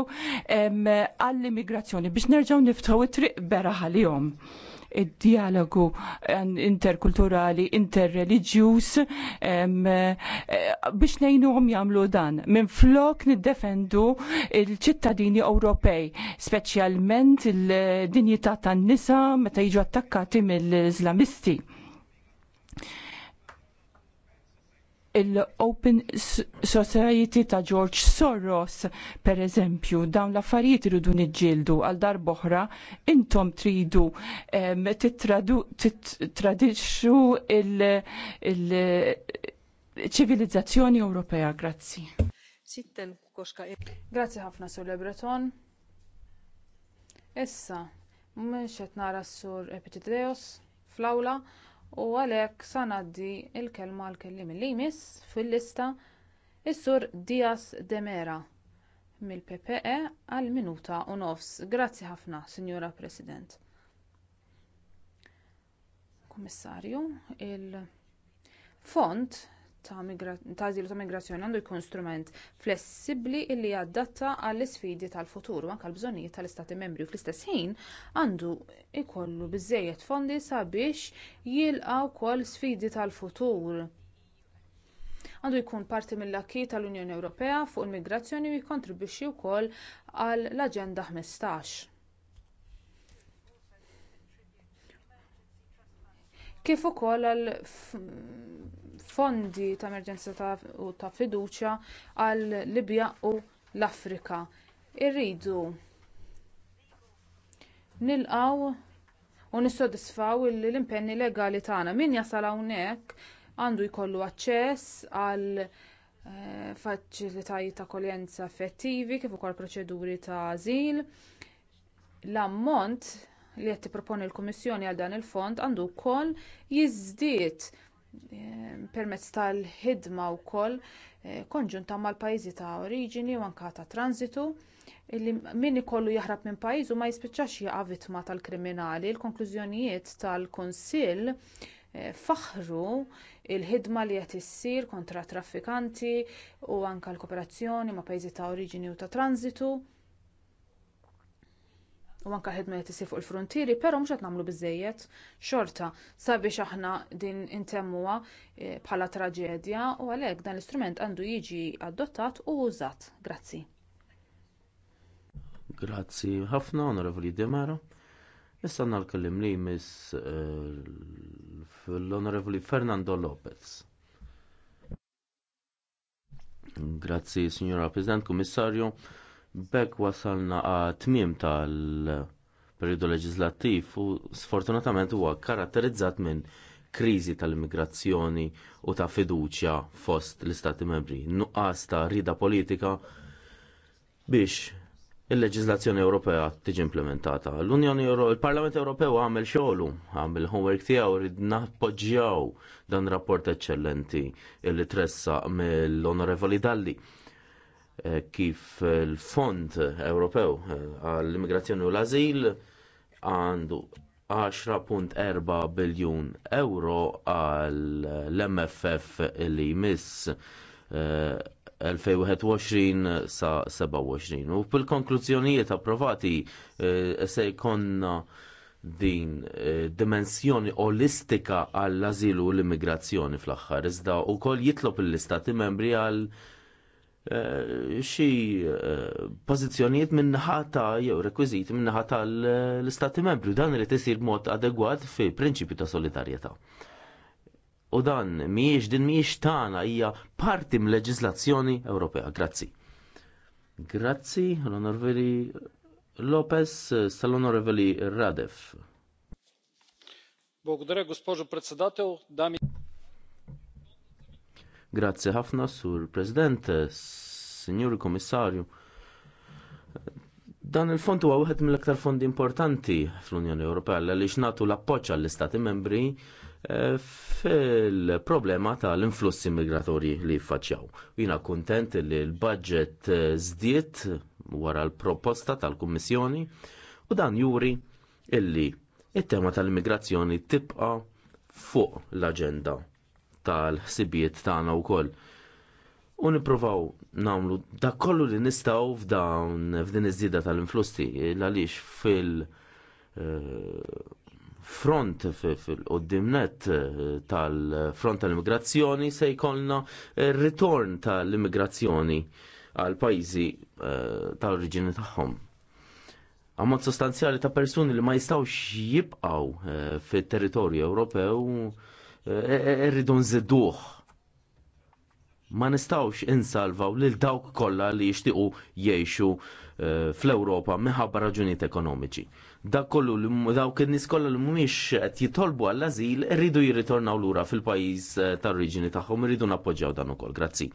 għall-immigrazzjoni biex nerġgħu niftħu it-triq beraħ jom id-dialogu eh, interkulturali, interreligjus eh, biex għum jagħmlu dan. Minn flok niddefendu il-ċittadini Ewropej, speċjalment il-dinjità tan-nisa meta jiġu attakkati mill-Islamisti. il-Open Society ta' George Soros, per eżempju, dawn l-affarijiet iridu niġġieldu għal darboħra, intom tridu um, titradixxu il-ċivilizzazzjoni Ewropea. Grazzi. Sitten koxka. E- Grazzi ħafna sur Lebreton. Issa, mhux qed nara s-sur Epitideos fl-awla u għalhekk sa ngħaddi l-kelma għall kelliem li jmiss fil-lista is-sur diaz de mera mill-ppe għal minuta u nofs grazzi ħafna sinjura president kummissarju il-fond ta' ażil ta' migrazzjoni għandu jkun strument flessibbli li jadatta għall-isfidi tal-futur u anke l-bżonnijiet tal-istati membri u fl-istess ħin għandu jkollu biżżejjed fondi sabiex jilqa' wkoll sfidi tal-futur għandu jkun parti mill-akki tal-unjoni ewropea fuq il-migrazzjoni u jikkontribwixxi wkoll għall aġenda 15 kif ukoll għal fondi ta' emerġenza u ta' fiduċja għal libja u l-afrika irridu nilqgħu u nissodisfaw l-impenni legali tagħna min jasal hawnhekk għandu jkollu aċċess għal eh, faċilitajiet ta' akkoljenza effettivi kif ukoll proċeduri ta' ażil l-ammont li qed tipproponi l-Kummissjoni għal dan il-fond għandu wkoll jiżdied eh, permezz tal-ħidma wkoll eh, konġunta mal-pajjiżi ta' oriġini u anke ta' transitu illi min ikollu jaħrab minn pajjiżu ma jispiċċax jaqa' vittma tal-kriminali. Il-konklużjonijiet tal-Kunsill eh, faħru l ħidma li qed issir kontra traffikanti u anke l-kooperazzjoni ma' pajjiżi ta' oriġini u ta' transitu u anke ħedma qed tisir fuq il-frontieri, però mhux qed nagħmlu biżżejjed xorta sabiex aħna din intemmuha eh, bħala traġedja u għalhekk dan l-istrument għandu jiġi adottat u użat. Grazzi. Grazzi ħafna, Onorevoli Demara. Issa nal-kellim li miss eh, l-Onorevoli Fernando Lopez. Grazzi, Signora Presidente, Kummissarju Bekk wasalna għat-tmiem tal-periodu leġislattiv u sfortunatament huwa karatterizzat minn kriżi tal-immigrazzjoni u ta' fiduċja fost l-Istati membri. Nuqqas ta' rida politika biex il-leġizlazzjoni Ewropea tiġi implementata. L-Unjoni il-Parlament Ewropew għamel xogħlu, għamel homework tiegħu rid nappoġġjaw dan rapport eċċellenti li tressa mill-Onorevoli Dalli Eh, kif il-Fond Ewropew eh, għall-Immigrazzjoni u l-Azil għandu 10.4 biljun euro għall-MFF li jmiss 2021 eh, sa 27. U bil-konklużjonijiet approvati se jkonna din dimensjoni olistika għall-azilu u l-immigrazzjoni fl-axħar. Iżda u jitlob l-istati membri għal Eh, xi eh, pożizzjonijiet ta' jew rekwiżiti min-naħa l-Istati membri dan irid isir b'mod adegwat fi prinċipju ta' solidarjetà. U dan mhijiex din mhijiex tagħna hija parti m-leġislazzjoni Ewropea. Grazzi. Grazzi l-Onorveli Lopez sal onorveli Radev. Благодаря, госпожо председател, дами Grazzi ħafna, Sur President, Signor Komissarju. Dan il-fond huwa wieħed mill-aktar fondi importanti fl-Unjoni Ewropea għaliex nagħtu l-appoġġ għall-Istati membri eh, fil-problema tal-influssi migratorji li jiffaċċjaw. Jiena kuntent li l-budget eh, żdiet wara l-proposta tal-Kummissjoni u dan juri illi it-tema tal-immigrazzjoni tibqa' fuq l-aġenda tal-ħsibijiet tagħna wkoll. U nippruvaw nagħmlu dak kollu li nistgħu f'dawn f'din iż-żieda tal influsti għaliex fil- eh, front fil-qoddimnet eh, tal-front tal-immigrazzjoni se jkollna eh, ritorn tal-immigrazzjoni għal pajjiżi tal-oriġini tagħhom. Ammont sostanzjali ta' persuni li ma jistawx jibqaw fit territorju Ewropew irridu eh, eh, eh, zidduħ. Ma nistawx insalvaw lil dawk kollha li jixtiequ jgħixu fl-Ewropa minħabba raġunijiet ekonomiċi. Dak kollu dawk in-nies kollha li mhumiex qed jitolbu għall-ażil irridu jirritornaw lura fil-pajjiż tar-oriġini tagħhom irridu nappoġġjaw dan ukoll. Grazzi.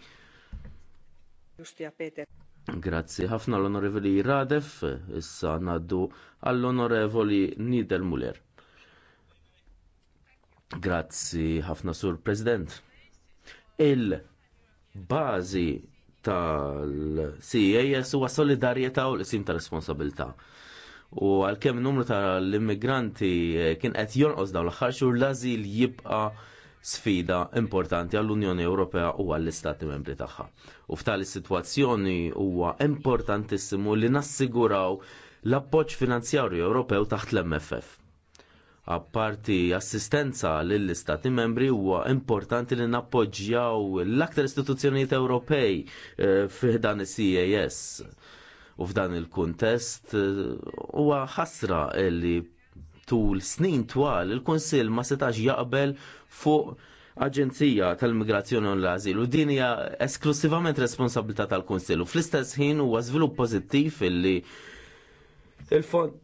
Grazzi ħafna l-Onorevoli Radef, issa naddu għall-Onorevoli Nidel Muller. Grazzi ħafna sur President. Il-bazi tal-CAS huwa solidarjetà u l-isim ta' responsabilità. U għalkemm numru tal-immigranti eh, kien qed jonqos dawn l-aħħar xhur l-ażil jibqa' sfida importanti għall-Unjoni Ewropea u għall-Istati Membri tagħha. U f'tali sitwazzjoni huwa importantissimu li nassiguraw l-appoġġ finanzjarju Ewropew taħt l-MFF apparti assistenza lill-istati membri huwa importanti li nappoġġjaw l-aktar istituzzjonijiet Ewropej eh, fih dan is-CAS. U f'dan il-kuntest eh, huwa ħasra li tul snin twal il-Kunsill ma setax jaqbel fuq Aġenzija tal-Migrazzjoni u l-Azil u din hija esklusivament responsabilità tal-Kunsill u fl-istess ħin huwa żvilupp pożittiv illi il-fond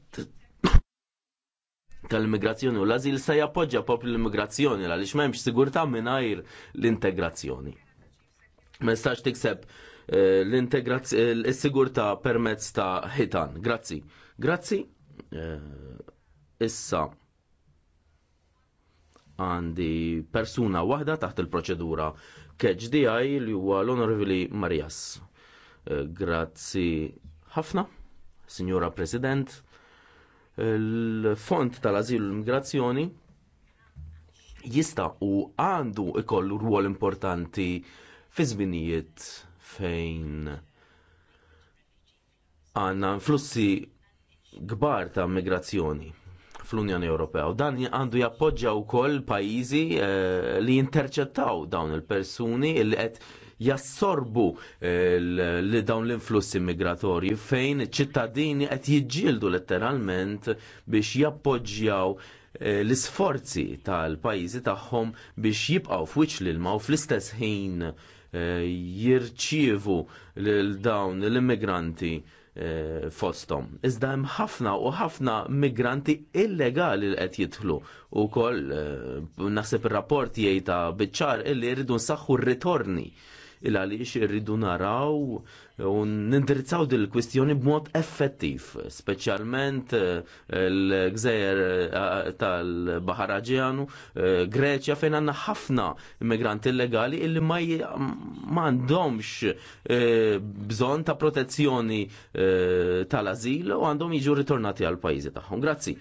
tal-immigrazzjoni u l-azil se jappoġġja poplu l-immigrazzjoni għaliex m'hemmx sigurtà mingħajr l-integrazzjoni. Ma jistax tikseb eh, l-integrazzjoni eh, sigurtà permezz ta' ħitan. Grazzi. Grazzi. Eh, issa għandi persuna waħda taħt il-proċedura KHDI li huwa l-Onorevoli Marias. Grazzi ħafna, Signora President il-fond tal-azilu l-immigrazzjoni jista' u għandu ikollu rwol importanti fi żminijiet fejn għandna flussi kbar ta' migrazzjoni fl-Unjoni Ewropea u dan għandu jappoġġja wkoll pajjiżi eh, li jinterċettaw dawn il-persuni li qed jassorbu eh, dawn l-influssi migratorji fejn ċittadini qed jiġġieldu letteralment biex jappoġġjaw eh, l-isforzi tal-pajjiżi tagħhom biex jibqgħu f'wiċċ l-ilma u fl-istess ħin eh, jirċievu lil dawn l-immigranti fostom. Iżda hemm ħafna u ħafna migranti illegali li qed jidħlu wkoll naħseb ir-rapport jgħid biċ-ċar illi jridu nsaħħu r-ritorni il għaliex irridu naraw u nindirizzaw dil kwistjoni b'mod effettiv, speċjalment eh, l-gżejjer eh, tal-Bahar eh, Greċja fejn għandna ħafna immigranti illegali illi ma m'għandhomx bżonn ta' protezzjoni tal-azil u għandhom jiġu ritornati għal pajjiżi tagħhom. Grazzi.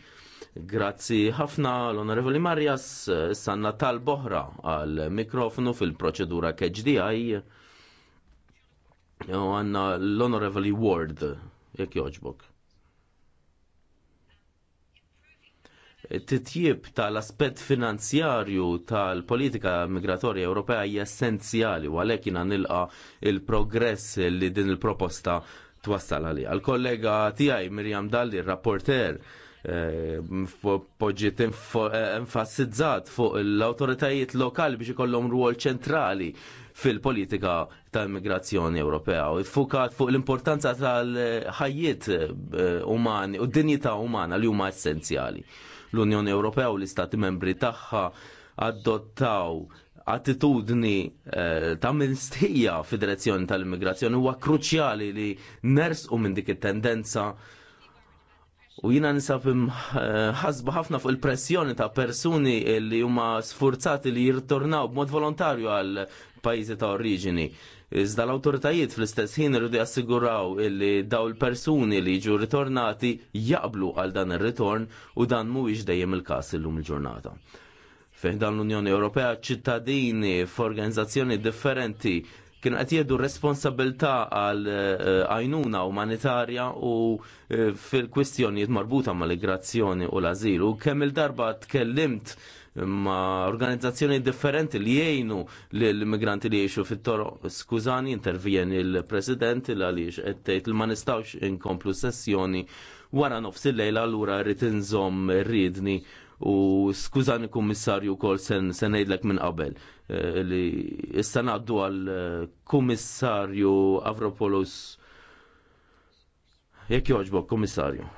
Grazzi ħafna l-Onorevoli Marjas sanna tal-boħra għal mikrofonu fil-proċedura KHDI. U għanna l-Onorevoli Ward, jek joġbok. titjib tal-aspett finanzjarju tal-politika migratorja Ewropea hija essenzjali u għalhekk jiena nilqa il-progress li din il-proposta twassal għalija. Għal-kollega tiegħi Mirjam Dalli, rapporter, Eh, poġġiet eh, enfasizzat fuq l-autoritajiet lokali biex ikollhom rwol ċentrali fil-politika ta' immigrazzjoni Ewropea u fukat fuq l-importanza tal-ħajjiet eh, umani u d-dinjità umana li huma essenzjali. L-Unjoni Ewropea u l-Istati membri tagħha adottaw attitudni eh, ta' mistija fid-direzzjoni tal-immigrazzjoni huwa kruċjali li nersqu minn dik it-tendenza U jina nisab eh, ħasba ħafna fuq il-pressjoni ta' persuni li huma sfurzati li jirtornaw b'mod volontarju għal pajjiżi ta' oriġini. Iżda l-awtoritajiet fl-istess ħin irridu jassiguraw li daw il-persuni li jiġu ritornati jaqblu għal dan ir-ritorn u dan mhuwiex dejjem il-każ illum il-ġurnata. Fih dan l-Unjoni Ewropea ċittadini f'organizzazzjoni differenti Kien qed jiedu responsabilità għal eh, għajnuna umanitarja u eh, fil-kwistjonijiet marbuta mal-migrazzjoni u l-azilu. Kemm il-darba tkellimt ma' organizzazzjoni differenti li jgħinu l-immigranti li jiexu fit-toro. Skużani, intervjen il-president il għaliex tgħid il ma nistawx inkomplu sessjoni wara nofs il-lejla l-ura inżomm nżomm u skużani kummissarju kol sen ejdlek minn qabel eh, li issa ngħaddu għal eh, kummissarju Avropoulos jek joġbok kummissarju.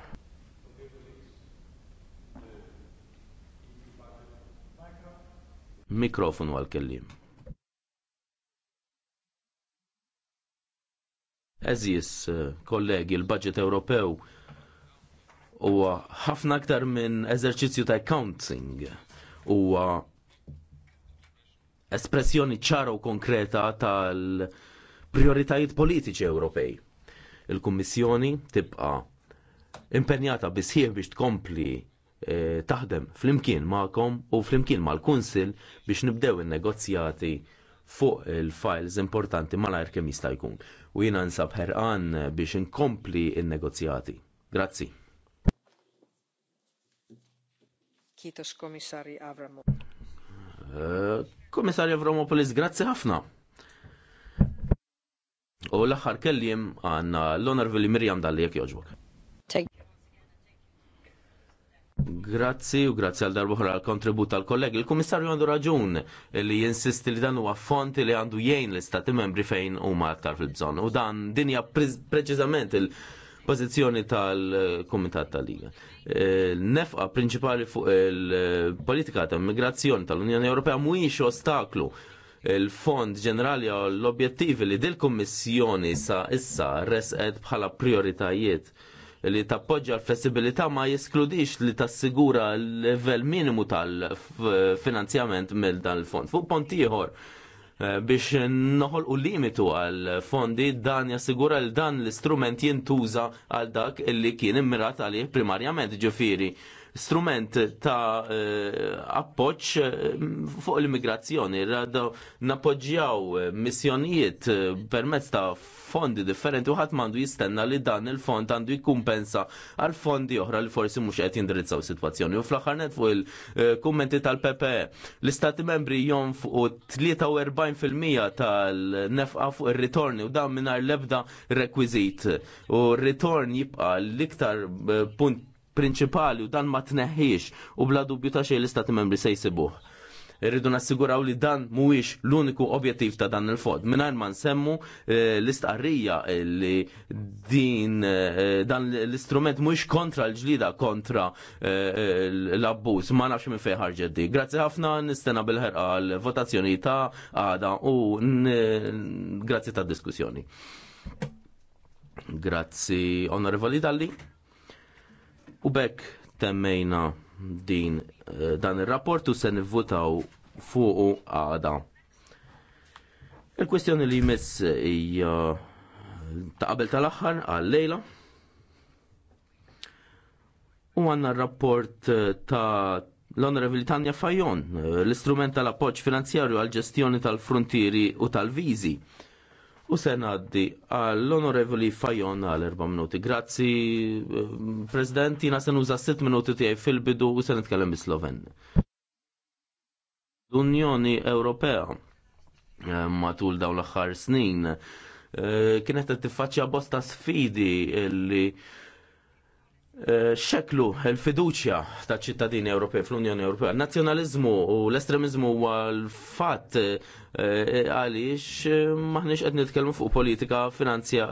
Mikrofonu għal kellim. Eżis, eh, kollegi, il-budget Ewropew huwa ħafna aktar minn eżerċizzju ta' accounting huwa espressjoni ċara u konkreta tal-prioritajiet politiċi Ewropej. Il-Kummissjoni tibqa impenjata bisħieħ biex tkompli eh, taħdem flimkien ma'kom u flimkien mal-Kunsil biex nibdew in-negozjati fuq il-files importanti malajr kemm jista' jkun. U jiena nsab ħerqan biex inkompli in-negozjati. Grazzi. Kitos Komissari eh, Avramopoulos. Komissari Avramopoulos, grazzi ħafna. U l-axar kellim għanna l vili Mirjam dalli jek joġbok. Grazzi u grazzi għal darba ħra għal kontribut għal kollegi. Il-Komissarju għandu raġun li jinsisti li dan u għaffonti li għandu jgħin l-Istati membri fejn u ma' aktar fil bżon U dan dinja preċizament il- pożizzjoni tal-Kumitat tal-Liga. Eh, nefqa prinċipali fuq il-politika ta' immigrazzjoni tal-Unjoni Ewropea mhuwiex ostaklu il-fond ġenerali għal l-objettivi li dil-Kommissjoni sa' issa resqed bħala prioritajiet li tappoġġa l-flessibilità ma jeskludix li tassigura l-level minimu tal-finanzjament mill dan il-fond. Fuq pont ieħor, Eh, biex noħol u limitu għal fondi dan jassigura l dan l-istrument jintuża għal dak illi kien immirat għalih primarjament ġifiri strument ta' uh, eh, appoċ eh, fuq l-immigrazzjoni, rada napoġġjaw missjonijiet permezz ta' fondi differenti u ħadd m'għandu jistenna li dan il-fond għandu jikkumpensa għal fondi oħra li forsi mhux qed jindirizzaw sitwazzjoni. U fl-aħħar net fuq il-kummenti tal-PPE l-istati membri jonfqu 43% tal-nefqa fuq ir-ritorni u dan mingħajr l-ebda rekwiżit. U r-ritorn jibqa' l-iktar eh, punt prinċipali u dan ma tneħħiex u bla dubju ta' xej l-istati membri se jsibuh. Irridu nassiguraw li dan mhuwiex l-uniku objettiv ta' dan il-fond. Mingħajr ma nsemmu eh, l-istqarrija eh, li din eh, dan l-istrument mhuwiex kontra l-ġlida kontra l-abbuż. Ma nafx minn fejn ħarġet di. Grazzi ħafna nistena bil-ħerqa l-votazzjoni ta' għada u grazzi ta' diskussjoni. Grazzi, onorevoli Dalli. U bekk temmejna din eh, dan ir-rapport u se nivvutaw fuqu għada. Il-kwestjoni li jmiss hija ta' qabel tal-aħħar għal-lejla. U għanna rapport eh, ta' l-Onorevoli Tanja Fajon, eh, l-istrument tal-appoġġ finanzjarju għal ġestjoni tal-frontieri u tal-viżi. U se naddi għall-Onorevoli Fajon għal erba' minuti. Grazzi, President, jina se nuża 6 minuti tiegħi fil-bidu u se nitkellem bis sloveni L-Unjoni Ewropea eh, matul dawn l-aħħar snin eh, kienet qed tiffaċċja bosta sfidi li xeklu il-fiduċja ta' ċittadini Ewropej fl-Unjoni Ewropea. Nazzjonaliżmu u l-estremizmu huwa l-fatt eh, eh, għaliex eh, maħniex qed nitkellmu fuq politika finanzja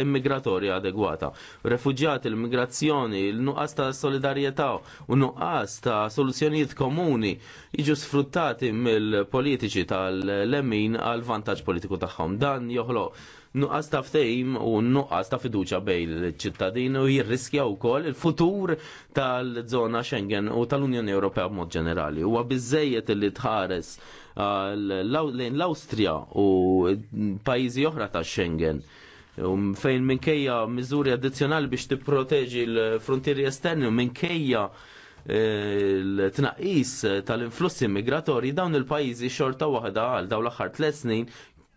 immigratorja adegwata. Refuġjati, l-immigrazzjoni, l-nuqqas ta' solidarjetà u nuqqas ta' soluzzjonijiet komuni jiġu sfruttati mill-politiċi tal-lemin għal vantaġġ politiku tagħhom. Dan joħloq nuqqas ta' ftehim u nuqqas ta' fiduċja bej l ċittadin u u kol il-futur tal-żona Schengen u tal-Unjoni Ewropea b'mod ġenerali. Huwa għabizzejiet li tħares ah, lejn l-Awstrija u pajjiżi oħra ta' Schengen um, fejn minkejja miżuri addizzjonali biex tipproteġi l-frontieri esterni u minkejja eh, l-tnaqis tal-influssi migratorji dawn il-pajjiżi xorta waħda għal dawn l-aħħar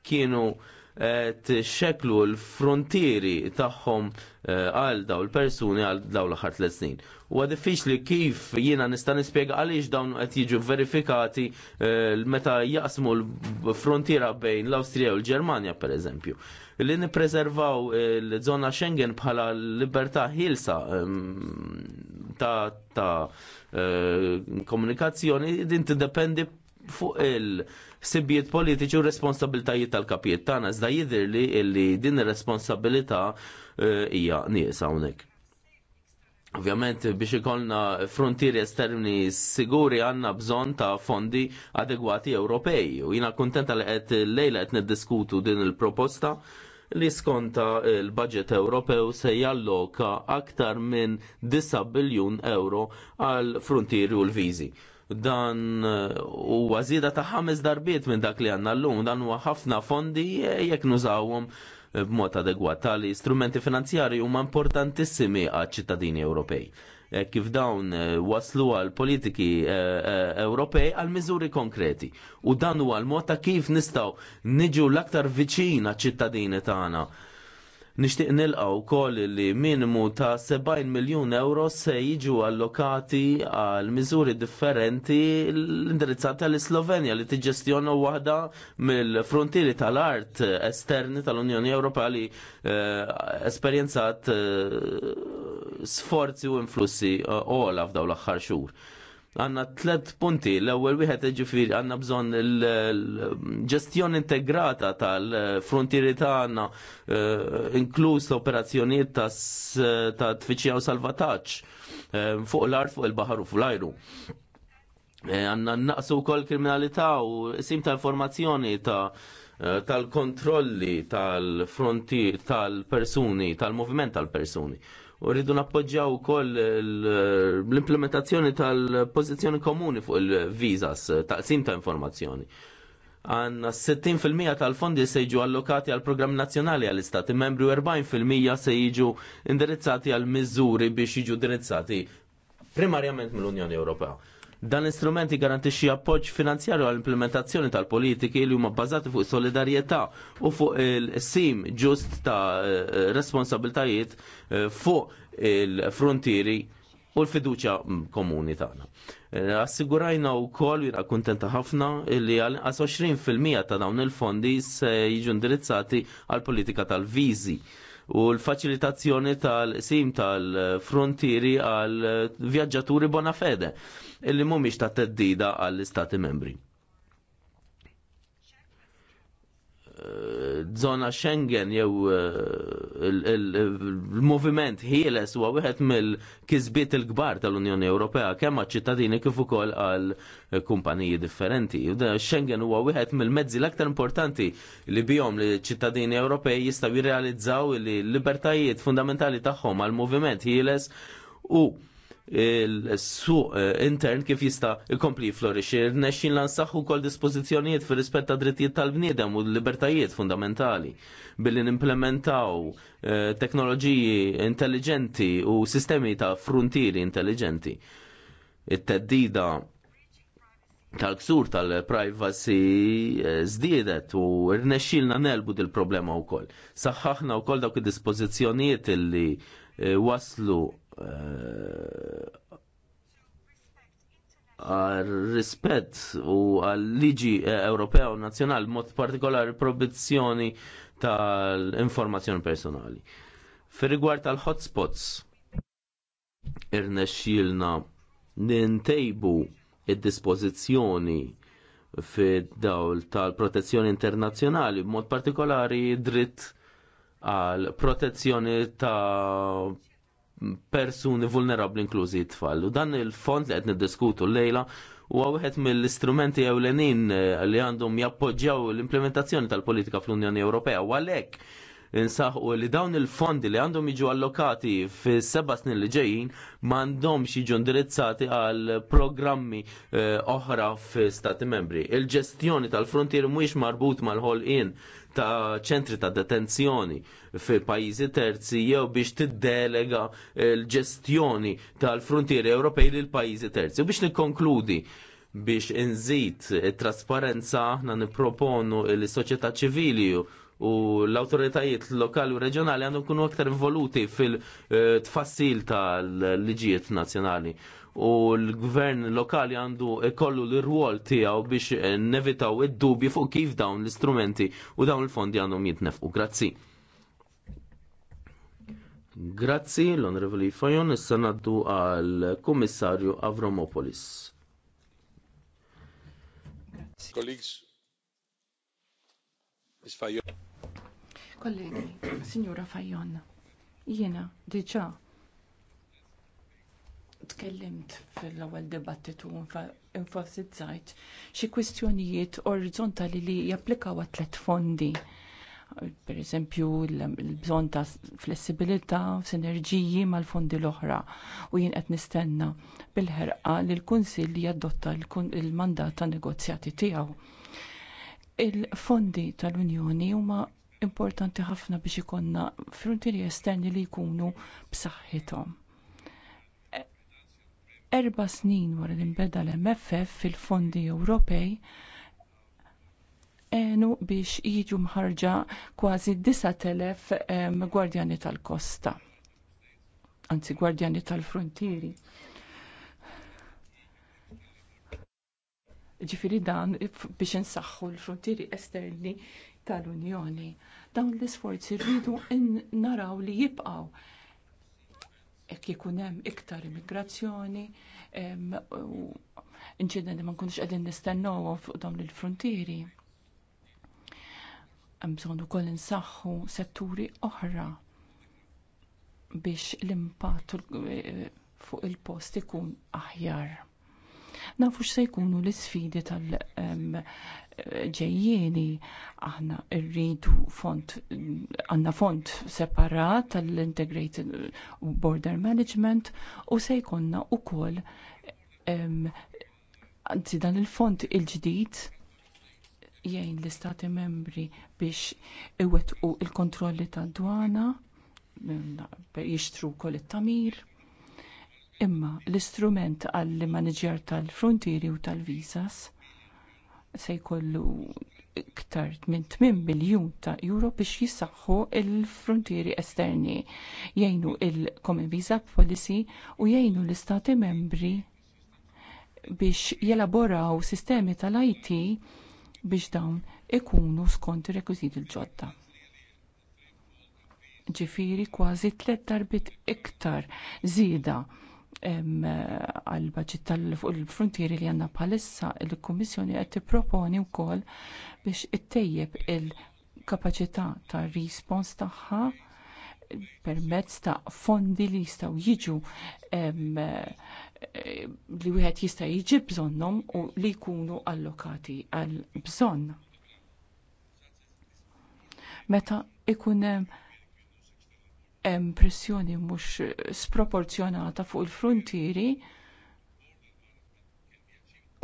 kienu txeklu l-frontieri tagħhom eh, għal daw l-persuni għal daw l-aħħar tliet snin. Huwa diffiċli kif jiena nista' nispjega għaliex dawn qed jiġu verifikati eh, meta jaqsmu l-frontiera bejn l-Awstrija u l-Ġermanja pereżempju. Li nippreservaw l-żona Schengen bħala libertà ħilsa ehm, ta' eh, komunikazzjoni din tiddependi fuq il- Sibbiet politiċi u responsabiltajiet tal-kapijiet tagħna iżda jidhirli li din ir-responsabilità eh, hija nies hawnhekk. Ovvjament biex ikollna frontieri esterni siguri għanna bżon ta' fondi adegwati Ewropej. U jina kontenta li qed lejla qed niddiskutu din il-proposta li skonta il-budget Ewropew se jalloka aktar minn 9 biljun euro għal frontieri u l viżi dan uh, huwa żieda ta' ħames darbiet minn dak li għandna llum, dan huwa ħafna fondi eh, jekk nużawhom eh, b'mod adegwat. Tali strumenti finanzjari huma importantissimi għad ċittadini Ewropej. Eh, kif dawn waslu għal politiki Ewropej għal miżuri konkreti. U dan huwa l-mod ta' kif nistgħu niġu l-aktar viċin għaċ ċittadini tagħna. għana. Nixtieq nilqaw wkoll li minimu ta' 70 miljun euro se jiġu allokati għal miżuri differenti indirizzati għall slovenja li tiġġestjona waħda mill-frontieri tal-art esterni tal-Unjoni Ewropea li eh, esperjenzat eh, sforzi u influssi eh, ola f'daw l-aħħar xhur għanna tlet punti. L-ewwel wieħed ġifieri għandna bżonn il-ġestjoni integrata tal-frontieri tagħna eh, inkluż operazzjonijiet ta' tfittxija u salvataġġ eh, fuq l-art, fuq il bahar u fl-ajru. Eh, għanna naqsu kol kriminalità u sim ta' informazzjoni ta' tal-kontrolli tal-frontier tal-persuni, tal-moviment tal-persuni. tal tal moviment tal persuni u rridu nappoġġjaw ukoll l-implementazzjoni tal-pożizzjoni komuni fuq il-vizas taqsim ta' informazzjoni. Għanna 60% tal-fondi se jiġu allokati għal programm nazzjonali għall istati membri u 40% se jiġu indirizzati għal miżuri biex jiġu indirizzati primarjament mill-Unjoni Ewropea. Dan l-istrumenti garantixxi appoġġ finanzjarju għall implementazzjoni tal-politiki li huma bbażati fuq solidarjetà u fuq il-sim ġust ta' eh, responsabiltajiet eh, fuq il-frontieri u l-fiduċja komuni tagħna. Eh, assigurajna u kol jina kontenta ħafna li għal 20% ta' dawn il-fondi se jiġu indirizzati għal politika tal-vizi u l-faċilitazzjoni tal-sim tal-frontieri għal vjaġġaturi bona fede illi mhumiex ta' teddida għall-istati membri. zona Schengen jew eh, il-moviment ħieles huwa wieħed mill-kisbiet il-kbar tal-Unjoni Ewropea kemm għaċ-ċittadini kif ukoll għal kumpaniji differenti. Schengen huwa wieħed mill-mezzi l-aktar importanti li bihom li ċittadini Ewropej jistgħu jirrealizzaw li libertajiet fundamentali tagħhom għal moviment ħieles u il-suq eh, intern kif jista jkompli florixi. Nexxin lansaħu kol dispożizzjonijiet fir rispett ta' drittijiet tal-bniedem u l-libertajiet fundamentali billi nimplementaw eh, teknoloġiji intelligenti u sistemi ta' frontieri intelligenti. It-teddida tal-ksur tal-privacy eh, zdiedet u rnexxilna nelbu dil-problema wkoll. Saħħaħna wkoll dawk id-dispożizzjonijiet illi waslu Eh, għal rispett u għal liġi eh, Ewropew nazzjonal, mod partikolari probizzjoni tal-informazzjoni personali. Fi rigward tal-hotspots, irnexxielna nintejbu id-dispożizzjoni fid-dawl tal-protezzjoni internazzjonali b'mod partikolari dritt għal protezzjoni ta' persuni vulnerabli inklużi t-tfal. U dan il-fond li qed niddiskutu l-lejla huwa wieħed mill-istrumenti ewlenin eh, li għandhom jappoġġjaw l-implementazzjoni tal-politika fl-Unjoni Ewropea u għalhekk insaħqu li dawn il-fondi li għandhom jiġu allokati fis seba snin li ġejjin m'għandhomx jiġu indirizzati għal programmi eh, oħra stati membri. Il-ġestjoni tal-frontier mhuwiex marbut mal-ħolqien ta' ċentri ta' detenzjoni fi pajjiżi terzi jew biex tiddelega l-ġestjoni tal-frontieri Ewropej lil pajjiżi terzi. U biex nikkonkludi biex inżid it-trasparenza aħna nipproponu l soċjetà ċivili u l-autoritajiet lokali u reġjonali għandu kunu aktar involuti fil-tfassil tal-liġijiet nazzjonali. U l-gvern lokali għandu kollu l-rwol tiegħu biex nevitaw id-dubi fuq kif dawn l-istrumenti u dawn il-fondi għandhom jitnefqu. Grazzi. Grazzi l-Onorevoli Fajon, issa naddu għal Kummissarju Avromopolis. Colleagues, Kollegi, Signora Fajon, jiena diġà tkellimt fil-ewwel dibattitu infosizzajt xi kwistjonijiet orizzontali li japplikaw għat-tlet fondi. Per eżempju, l-bżon ta' flessibilità, sinerġiji mal-fondi l-oħra u jien qed nistenna bil-ħerqa li l-Kunsill jadotta il-mandat ta' negozjati tiegħu. Il-fondi tal-Unjoni huma importanti ħafna biex ikonna frontieri esterni li jkunu b'saħħithom. Erba' snin wara li nbeda l-MFF fil-fondi Ewropej għenu biex jiġu mħarġa kważi 9,000 gwardjani tal-kosta, anzi gwardjani tal-frontieri. Ġifiri dan biex nsaxħu l-frontieri esterni tal-Unjoni. Dawn l-isforzi rridu naraw li jibqgħu jekk ikun hemm iktar immigrazzjoni, inċidenti ma nkunux qegħdin nistennew fuq dawn il-frontieri. Hemm bżonn ukoll insaħħu setturi oħra biex l-impatt eh, fuq il-post ikun aħjar. Nafu x'se jkunu l-isfidi tal-ġejjieni. Aħna rridu font, għanna font separat tal-Integrated Border Management u se jkonna u koll Anzi dan il-font il-ġdid jgħin l-istati membri biex iwettqu il kontrolli tad dwana jixtru kol it-tamir Imma l-istrument għall maniġjar tal-frontieri u tal-visas se jkollu iktar minn 8 miljun ta' euro biex jissaħħu l frontieri esterni, jgħinu il-Common Visa Policy u jgħinu l-Istati membri biex jelaboraw sistemi tal-IT biex dawn ikunu skont ir-rekwiżiti l-ġodda. Ġifieri kważi tliet darbit iktar żieda għal budget tal-fuq il-frontieri li għandna bħalissa il-Kummissjoni qed tipproponi wkoll biex ittejjeb il-kapaċità tar rispons tagħha permezz ta' fondi li jistgħu jiġu li wieħed jista' jiġi bżonnhom u li jkunu allokati għal bżonn. Meta ikun hemm hemm pressjoni mhux sproporzjonata fuq il-frontieri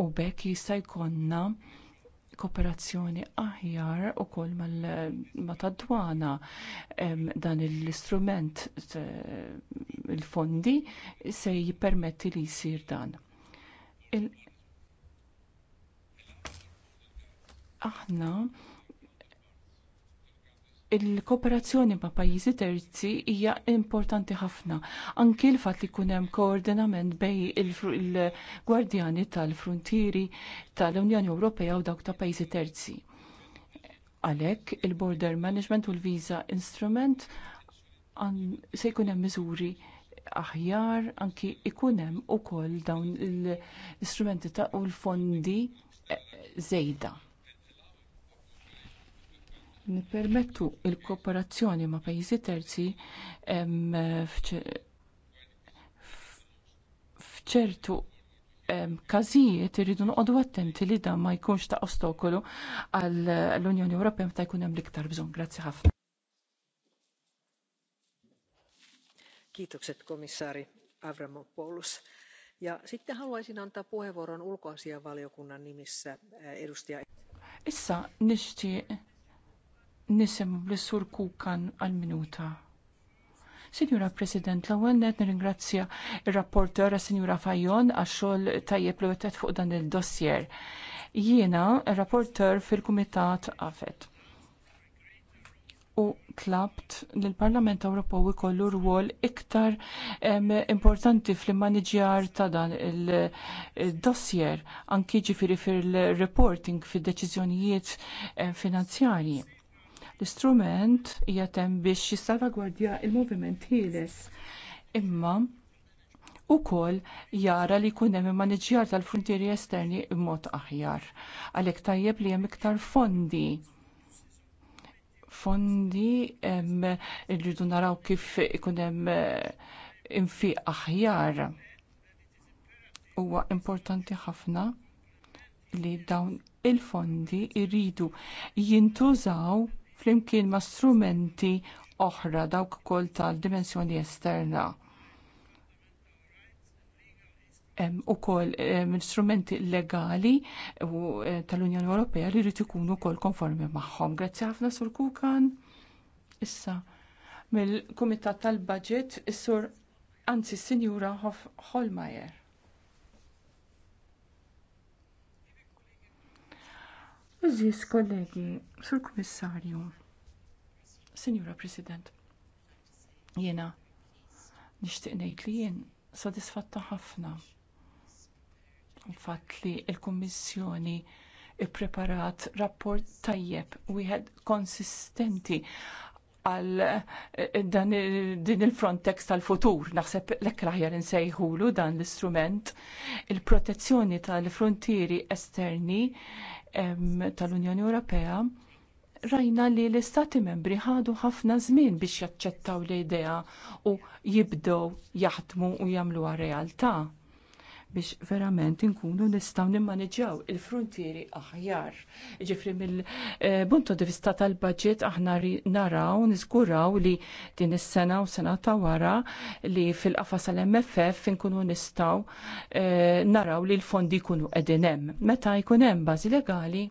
u bekk jista' jkollna kooperazzjoni aħjar ukoll ma tad-dwana dan l-istrument il-fondi se jippermetti li jsir dan. Il aħna il-kooperazzjoni ma' pajjiżi terzi hija importanti ħafna. Anki l-fatt li jkun hemm koordinament bej il-gwardjani tal-frontieri tal-Unjoni Ewropea u dawk ta' pajjiżi terzi. Għalhekk il-border management u l-visa instrument se jkun hemm miżuri aħjar anki ikun hemm ukoll dawn l-istrumenti ta' u l-fondi żejda eh, nipermettu il-kooperazzjoni ma' pajjiżi terzi f'ċertu każijiet irridu noqogħdu attenti li dan ma jkunx ta' ostokolu għall-Unjoni Ewropea meta jkun hemm l-iktar bżonn. Grazzi ħafna. Kiitokset komissari Avramopoulos. Ja sitten haluaisin antaa puheenvuoron ulkoasianvaliokunnan nimissä eh, edustaja. Issa nishti nisimu bl-sur Kukan għal-minuta. Sinjura President, l-ewwel net nirringrazzja il rapportera Sinjura Fajon għax-xogħol tajjeb li wettet fuq dan il-dossier. Jiena rapporter fil-Kumitat Afet. U tlabt l-Parlament Ewropew ikollu rwol iktar importanti fl immaniġjar ta' dan il-dossier anki ġifiri fil-reporting fil deċiżjonijiet finanzjarji L-istrument jatem biex jissalvagwardja il-moviment ħieles imma wkoll jara li jkun hemm maniġjar tal-frontieri esterni b'mod aħjar. Għalhekk tajjeb li hemm iktar fondi fondi rridu naraw kif ikun hemm eh, infiq aħjar. Huwa importanti ħafna li dawn il-fondi jridu jintużaw flimkien ma' strumenti oħra dawk ukoll tal-dimensjoni esterna u kol strumenti legali tal-Unjoni Ewropea li rrit ikunu kol konformi maħħom. Grazzi ħafna sur Kukan. Issa, mill-Kumitat tal-Budget, is-sur anzi, Sinjura Holmajer. Eżis kollegi, sur komissarju, Signora President, jena nixtieq ngħid li jien sodisfatta ħafna fatt li l-Kummissjoni preparat rapport tajjeb jħed konsistenti għal eh, din il-Frontex tal-futur. Naħseb l-ek raħjar nsejħulu dan l-istrument. Il-protezzjoni tal-frontieri esterni tal-Unjoni Ewropea rajna li l-istati membri ħadu ħafna żmien biex jaċċettaw l-idea u jibdew jaħdmu u jagħmluha realtà biex verament inkunu nistgħu nimmaneġġjaw il-frontieri aħjar. Ġifri mill-punto di vista tal-budget aħna naraw, niżguraw li din is-sena u sena ta' wara li fil-qafas tal-MFF inkunu nistgħu eh, naraw li l-fondi jkunu qegħdin hemm. Meta jkun hemm bażi legali,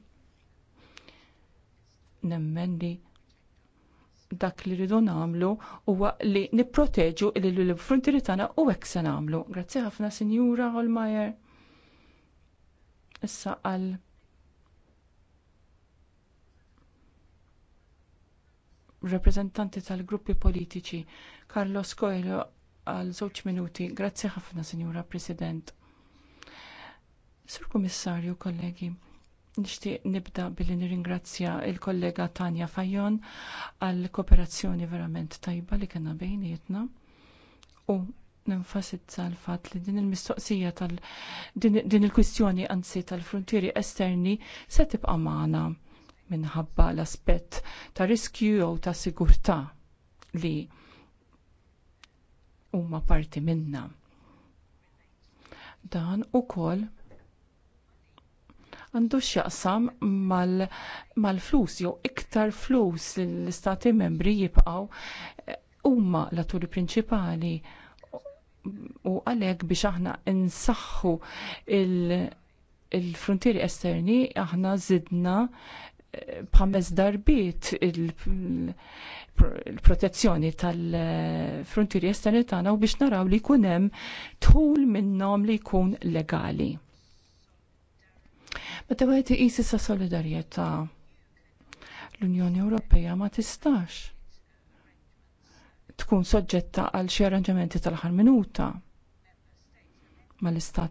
nemmen li dak li rridu nagħmlu huwa li nipproteġu l-frontieri tagħna u hekk se nagħmlu. Grazzi ħafna Sinjura Holmajer. Issa għal rappresentanti tal-gruppi politiċi Carlos Coelho għal żewġ minuti. Grazzi ħafna, Sinjura President. Sur Kummissarju, kollegi, Nixtieq nibda billi nirringrazzja l kollega Tanja Fajon għall kooperazzjoni verament tajba li kena bejnietna u ninfasizza l fatt li din il-mistoqsija tal din il-kwistjoni anzi tal-frontieri esterni se tibqa' magħna minħabba l-aspett ta' riskju jew ta' sigurtà li huma parti minna. Dan ukoll għandux xaqsam mal-flus, jew iktar flus li l-istati membri jibqaw eh, huma l-atturi prinċipali u għalhekk biex aħna insaħħu il-frontieri esterni aħna zidna eh, bħames darbiet il-protezzjoni tal-frontieri esterni tagħna u biex naraw li jkun hemm tħul minnhom li jkun legali. Meta wieħed jisi sa solidarjetà l-Unjoni Ewropea ma tistax tkun soġġetta għal xi arranġamenti tal-aħħar minuta mal-istati